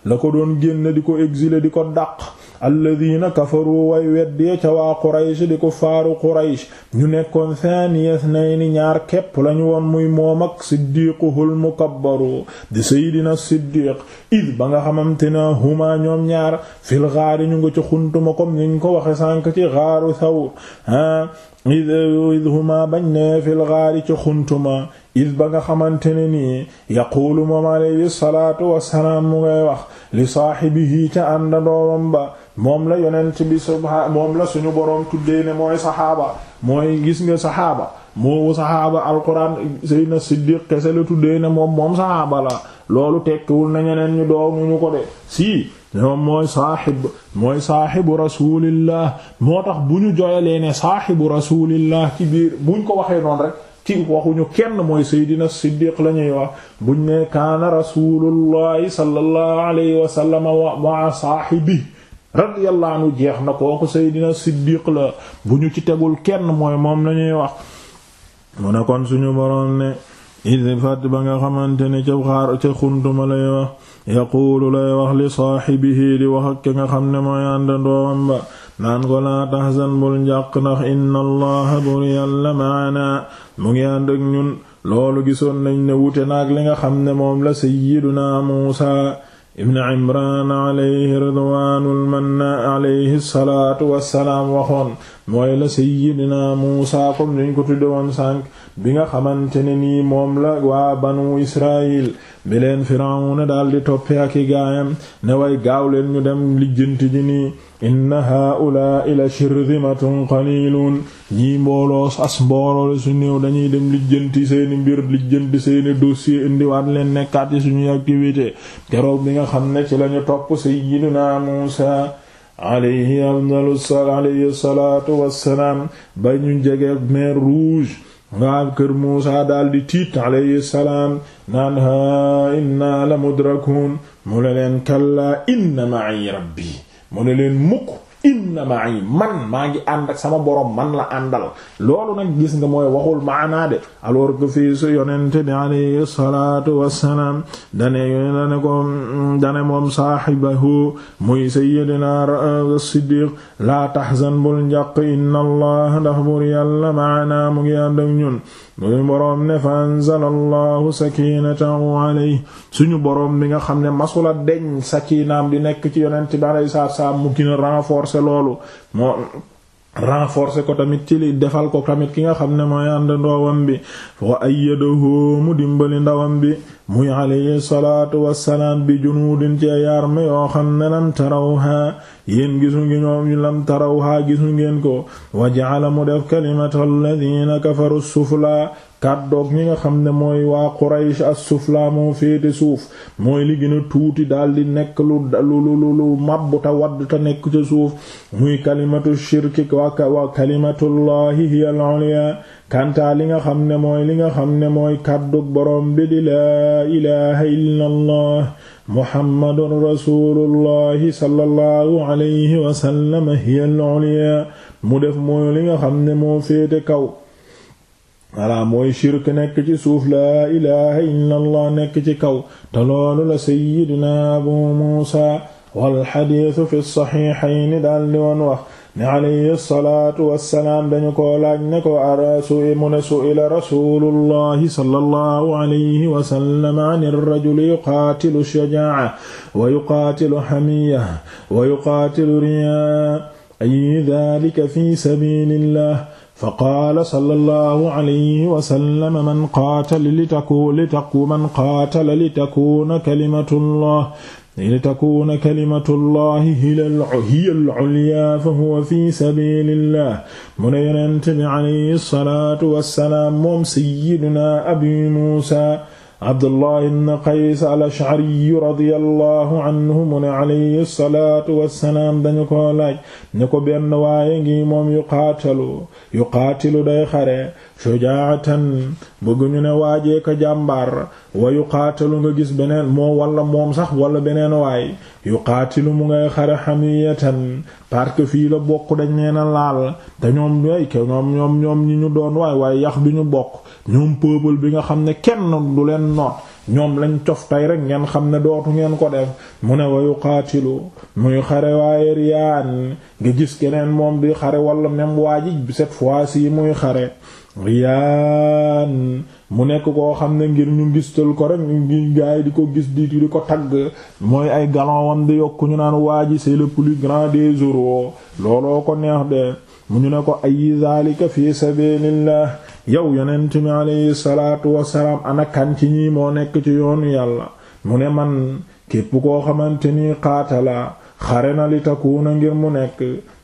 la ko doon génn di ko exiler di ko dàq alladina kafaru way weddi ca waa Quraysh di kuffaaru Quraysh ñu nekkoon thaniya ithnayni ñaar képp lañu woon muy moom ak siddiquhul mukabbaru di seydina siddiq id ba nga xamante na huma ñoom ñaar fil gaari ñu nga ci xuntuma comme niñ ko waxe sànk ci gaaru Thawr ah id huma bañ ne fil gaari ci xuntuma id ba nga xamante ne nii yaquulu moom alayhi salaatu wassalaam mu ngay wax li saahibihi ca àndandoomam ba moom la yonent bi subha moom la suñu boroom tuddee ne mooy saxaaba mooy gis nga saxaaba moowu saxaaba alquran Seydina Siddiq kese la tuddee ne moom moom saxaaba la loolu tekkiwul na ñeneen ñu doonu ko de si moom mooy saaxib mooy saaxibu rasulillah moo tax bu ñu joyalee ne saaxibu rasulillah ci biir buñ ko waxee noonu rek ci waxuñu kenn mooy Seydina Siddiq la ñuy wax buñ ne kaana rasulullahi sallallahu alayhi wa sallam wa ma'a saaxibi radiyallahu anhu jeex na kooku Seydina Siddiq la bu ñu ci tegul kenn mooy moom lañuy wax mu ne kon suñu boroom ne id fat ba nga xamante ne ca xaar ca xuntuma lay wax yaquulu lay wax li saaxibihi di wax nga xam ne mooy àndandoowam ba naan ko laa tahzan bul njàq ndax inna allaha bur yàlla maana mu ngi ànd ak ñun loolu gisoon nañ ne wute naag li nga xam ne moom la sayyiduna Muusaa ibn imran alayhi ridwanul manna alayhi salaatu wassalaam waxoon mooy la sayyidina muusa comme dañ ko tudde woon sànq bi nga xamante ne nii moom la waa banu israil bi leen firawna daal di toppe ak i gaayam ne way gaaw leen ñu dem lijjanti ji nii inna haa'ulaa'i la shirzimatun qaliilun ñii mbooloo as mbooloo su néew dañuy dem lijjanti seeni mbir lijjanti seeni dossier indiwaat leen nekkaat ci suñuy activité keroog bi nga xam ne ci lañu tokk sayyidina Muusaa alayhi afdalu alayhi salaatu ba ñu jege mer rouge kër Muusaa daldi tiit alayhi salaam naan haa inna la mudrakuun mu la leen kallaa inna ma'i rabbi mu ne leen mukk inna ma'i man maa ngi ànd ak sama borom man la àndal loolu nag gis nga mooy waxul maanaa de alors que fii su yonent bi alayhi salaatu wassalaam dane dane ko dane moom saahibahu muy sayyidina as-siddiq euh, laa tahzan bul njàq inna allah ndax bur yàlla maana mu ngi ànd ak ñun muy boroom ne fa anzala allahu sakinatahu alayhi suñu boroom bi nga xam ne masula deñ sakinaam di nekk ci yonent bi alayhi salaatu wassalaam mu gën a renforcer renforcer loolu moo renforcer ko tamit ci li defal ko tamit ki nga xam ne mooy ànd ndoowam bi wa ayyadahu mu dimbali ndawam bi muy alayhi salaatu wassalaam bi junuudin ci yarme yoo xam ne lam tarawha yéen gisu ngi ñoom lam tarawha gisu ngeen ko wa ja'ala mu def kalimatu alladhina kafaru sufla kàddoog ñi nga xam ne mooy waa Quraysh as-sufla moo féete suuf mooy li gën tuuti daal di nekk lu lu lu lu mabbu ta ca suuf muy kalimatu shirki wa kalimatullahi hiya al-ulya kantaa li nga xam ne mooy li nga xam ne mooy kàddug borom bi di laa ilaha illa allah muhammadun rasulullahi alayhi wa sallam hiya mu def mooy li nga xam ne moo féete kaw voilà mooy shirk nekk ci suuf laa ilaha illa allah nekk ci kaw te loolu la sayyidina abu muusa walxadiisu fi saxiixayni daal di woon wax ne alayhi salaatu wassalaam dañu koo laaj ne ko arasu mu ne su'ila rasulullahi sallallahu alayhi wasallam an rajuli yuqaatilu shajaa'a wa yuqaatilu hamiyya wa yuqaatilu riyaa ay daalika fi sabiilillah fa qaala sallallahu alayhi wa sallam man qaatala li taku li taku man qaatala li takuuna kalimatullah li takuuna kalimatullahi hiya al-ulyaa fa huwa fi sabiilillah mu ne yonent bi alayhi salaatu wa salaam moom sayyidunaa Abii Muusaa Abdullah ibn Qays al-Ash'ari radiyallahu anhu mu ne alayhi salaatu wassalaam dañu ko laaj ne ko benn waaye ngi moom yuqaatalu yuqaatilu day xare shujaatan bëgguñu ne waajee ko jàmbaar wa yuqaatalu nga gis beneen moom wala moom sax wala beneen waay yuqaatilu mu ngay xare hamiyatan parce que fii la bokk dañ leen a laal te ñoom way ke ñoom ñoom ñoom ñu doon waay waaye yax bi ñu bokk ñoom peuple bi nga xam ne kenn du leen noot ñoom lañ cof rek ngeen xam ne dootu ngeen ko def mu ne wayu qaatilu muy xare waaye riyaan nga gis keneen moom bi xare wala même waa ji cette fois yi muy xare riyaan mu nekk koo xam ne ngir ñu ngistal ko rek ngi gars yi di ko gis di di ko tagg mooy ay galon wam di yokk ñu naan waa ji c'est le plus grand des euros looloo ko neex de mu ñu ne ko ayi zalika fi sabilillah yow yonent mi alayhi salaatu wasalaam ana ci ñi moo nekk ci yoonu yàlla mu ne man képp koo xamante ni xaatala xare na li takuuna ngir mu nekk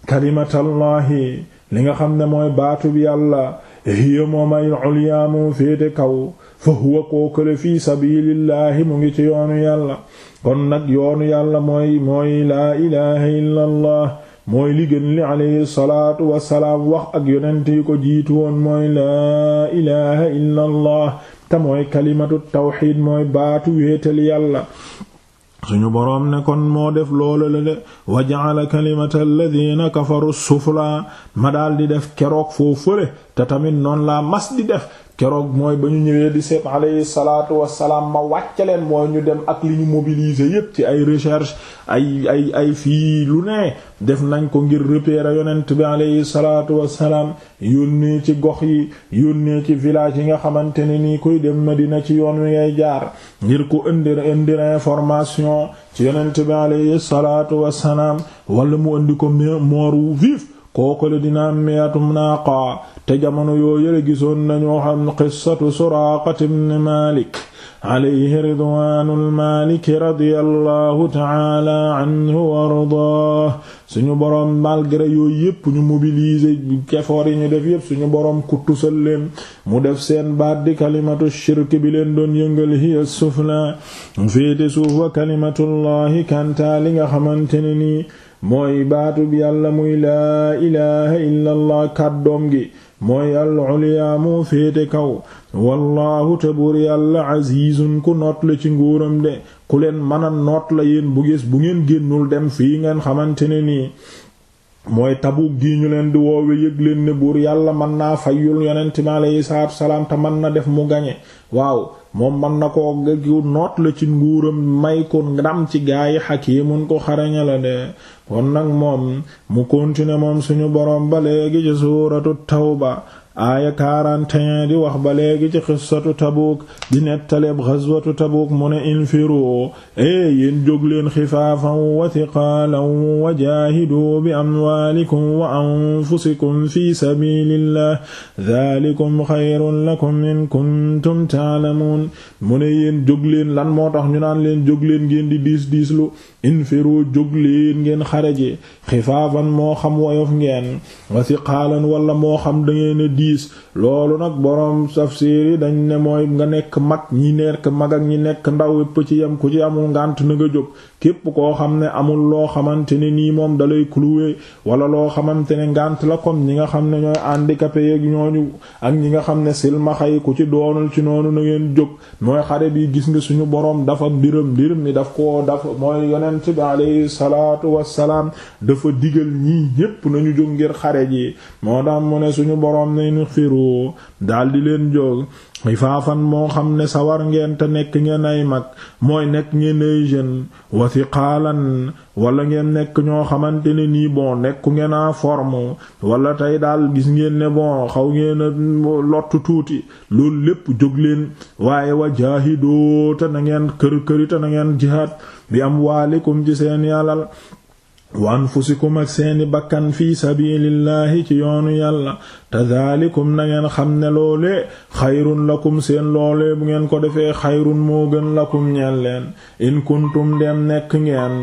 kalimatallahi li nga xam ne mooy baatu yàlla hiya moom ay ulyaa moo féete kaw fa huwa kookale fii sabilillahi mu ngi ci yoonu yàlla kon nag yoonu yàlla mooy mooy laa ilaha illa allah mooy li gën li alayhi salaatu wasalaam wax ak yonent yi ko jiitu woon mooy laa ilaha illa allah te kalimatu tawxiid mooy baatu wéetal yàlla suñu boroom ne kon moo def loolu la de wa ja'ala kalimata alladhina kafaru sufla ma daal di def keroog foofu fële te tamit noonu laa mas di def keroog mooy ba ñu ñëwee di seet alayhi salaatu wassalaam ma wàcce leen mooy ñu dem ak li ñu mobiliser yépp ci ay recherche ay ay ay fii lu ne def nañ ko ngir repérer yonent bi alayhi salaatu wassalaam yónnee ci gox yi yónnee ci village yi nga xamante ne nii koy dem ma dina ci yoon wi ngay jaar ngir ko indi indi information ci yonent bi alayhi salaatu wassalaam wala mu indi ko mort vif kookale dina am miyatum naaqa te jamono yoo yële gisoon nañu xam qissatu suraaqat ibn malik alayhi ridwaanul maliki radiyallahu taala anhu wa ardaah suñu boroom malgré yooy yépp ñu mobiliser effort yi ñu def yépp suñu borom ku tusal leen mu def seen baat di kalimatu shirk bi leen doon yëngal hiya sufla mu féete suuf wa kalimatullahi kantaa li nga xamante mooy baatub yàlla muy laa ilaha illa allah kàddoom gi mooy al ulya moo féete kaw wallaahu te buur yàlla azizun ku noot la ci nguuram de ku leen mën a noot la yéen bu gis bu ngeen génnul dem fii ngeen xamante ne nii mooy tabu gi ñu leen di woowe yëg leen ne buur yàlla mën naa fay yonent mi aleyhi salaatu salaam te mën na def mu gañe waaw moom mën na ko giw noot la ci nguuram may ko ndam ci gaayi xakiimun ko xaraña la de kon nag moom mu continuer moom suñu borom ba léegi ci suuratu tawba aaya 41 di wax ba léegi ci xissatu tabuuk di nettaleeb xaswatu tabuuk mu ne infiru ee yéen jóg leen xifaafan wa tiqaalan wa jaahidu bi amwaalikum wa anfusikum fi sabilillah dhalikum xayrun lakum in kuntum ta'lamuun mu ne yéen jóg leen lan moo tax ñu naan leen jóg ngeen di diis diislu infiru jóg leen ngeen xaraji xifaafan moo xam woyof ngeen wa siqaalan wala moo xam dangeen a diis loolu nag boroom tafsiir yi dañ ne mooy nga nekk mag ñi nekk mag ak ñi nekk ndaw yépp ci yam ku ci amul ngant na nga jóg képp koo xam ne amul loo xamante ne nii moom dalay cloué wala loo xamante ne ngànt la comme ñi nga xam ne ñooy handicapé yeeg ñooñu ak ñi nga xam ne silmaxa yi ku ci doonul ci noonu na ngeen jóg mooy xare bi gis nga suñu boroom dafa mbiram mbir mi daf yonent bi alayhi salaatu wassalaam dafa digal ñii ñépp nañu jóg ngir xare ji moo tax mu ne suñu boroom nañu xiru daldi leen jóg ifaafan moo xam ne sawar ngeen te nekk ngeen ay mag mooy nekk ngeen ay jeune wasiqaalan wala ngeen nekk ñoo xamante ne nii bon nekku ngeen a forme wala tey daal gis ngeen ne bon xaw ngeen a lottu tuuti loolu lépp jóg leen waaye wa jaahidoo te na ngeen kër këri te na ngeen jihaad bi amwaalikum ci yàlla alal wa anfusikum ak seeni bakkan fi sabilillahi ci yoonu yàlla te daalikum nangeen xam ne loolee xayrun lakum seen loolee bu ngeen ko defee xayrun moo gën lakum ñeen leen in kuntum dem nekk ngeen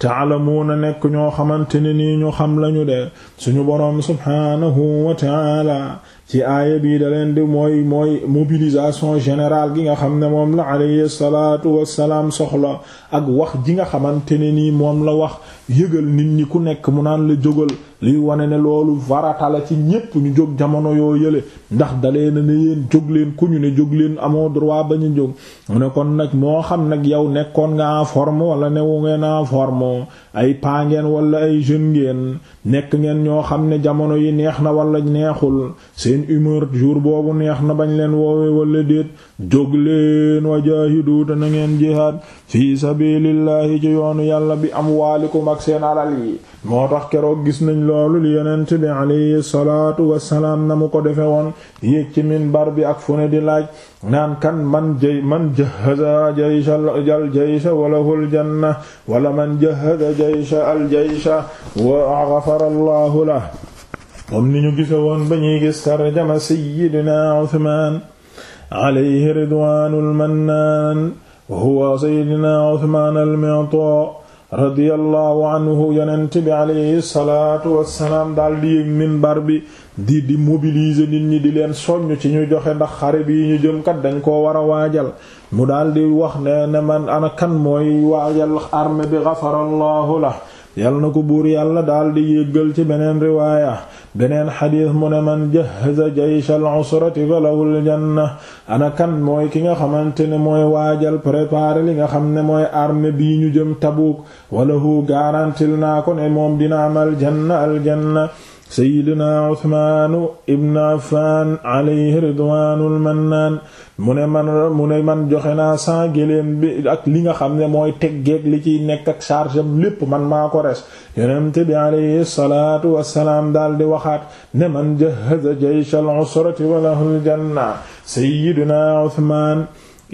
taalamuuna nekk ñoo xamante ne nii ñu xam lañu de suñu boroom subhaanahu wa taala ci aaya bii da di mooy mooy mobilisation générale gi nga xam ne moom la alayhi salaatu wassalaam soxla ak wax ji nga xamante ne nii moom la wax yëgal nit ñi ku nekk mu naan la jógal liy wane ne loolu farata la ci ñépp ñu jóg jamono yoo yële ndax dalee na ne yéen jóg leen ku ñu ne jóg leen amoo droit ba ñu jóg mu ne kon nag moo xam nag yow nekkoon nga en forme wala newu ngeen en forme ay paa ngeen wala ay jeune ngeen nekk ngeen ñoo xam ne jamono yi neex na wala neexul seen humeur jour boobu neex na bañ leen woowee wala déet jóg leen wajahidu te na ngeen jeexaat fii sabilillahi ci yoonu yàlla bi amwaalikum ak seen alal yi moo tax keroog gis nañ loolu li yonent bi alayhi salaatu wassalaam na mu ko defe woon yéeg ci minbar bi ak fu ne di laaj naan kan man jay man jahaza jaysha al jaysha walahul janna wala man jahaza jaysha al jaysha wa ghafara allahu lah moom ni ñu gise woon ba ñuy gis tarjama sayyidina Uthman alayhi ridwaanul mannaan huwa sayyidina Uthman al-Mu'ta radiyallahu anhu yonent bi alayhi salaatu wassalaam daal di yëg minbar bi di di mobiliser nit ñi di leen soññ ci ñu joxe ndax xare bi ñu jëm kat dañ koo war a waajal mu daal di wax ne ne man kan mooy waajal armée bi gafarallahu la yal na ko buur yàlla daal di yëggal ci beneen riwaaya beneen xadiis mu ne man jahaza jaysha al-usrati falahu al-janna ana kan mooy ki nga xamante ne mooy waajal préparer li nga xam ne mooy armée bii ñu jëm Tabuuk walahu garantil naa ko ne moom dina am aljanna aljanna seydina uthmaanu ibn affan alayhi ridwaanul mannaan mu ne man mu ne man joxe naa saa géléem bi ak li nga xam ne mooy teggeeg li ciy nekk ak charge am lépp man maa ko res yonent bi alayhi salaatu wassalaam daal di waxaat ne man jahaza jaysh al usrati wa lahul janna seydina uthmaan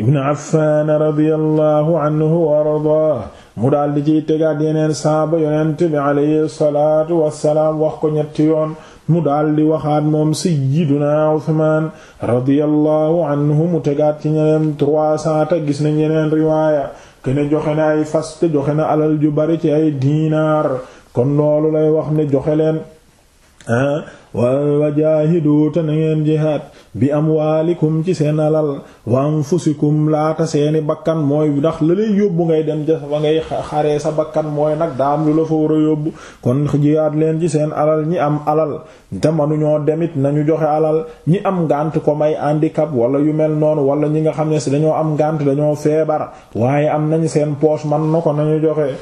ibn affan radiyallahu anhu wa ardaahu mu daal di ciy tegaat yeneen saaba yonent bi alayhi salaatu wassalaam wax ko ñetti yoon mu daal di waxaat moom sayyiduna Usmaan radiyallahu anhu mu tegaat ci ñeneen trois cent gis nañ yeneen riwaaya kene joxe na ay fas joxe na alal ju bari ci ay diinaar kon loolu lay wax ne joxe leen ah wa jaahidu te na ngeen jihaad bi amwaalikum ci seen alal wa anfusikum laata seeni bakkan mooy ndax la lay yóbbu ngay dem ja ba ngay xaree sa bakkan mooy nag daam lu la fa war a yóbbu kon jihaad leen ci seen alal ñi am alal te manuñoo demit ñu joxe alal ñi am ngànt ko may handicap wala yu mel noonu wala ñi nga xam ne si dañoo am ngànt dañoo feebar waaye am nañ seen poche man na ko nañu joxe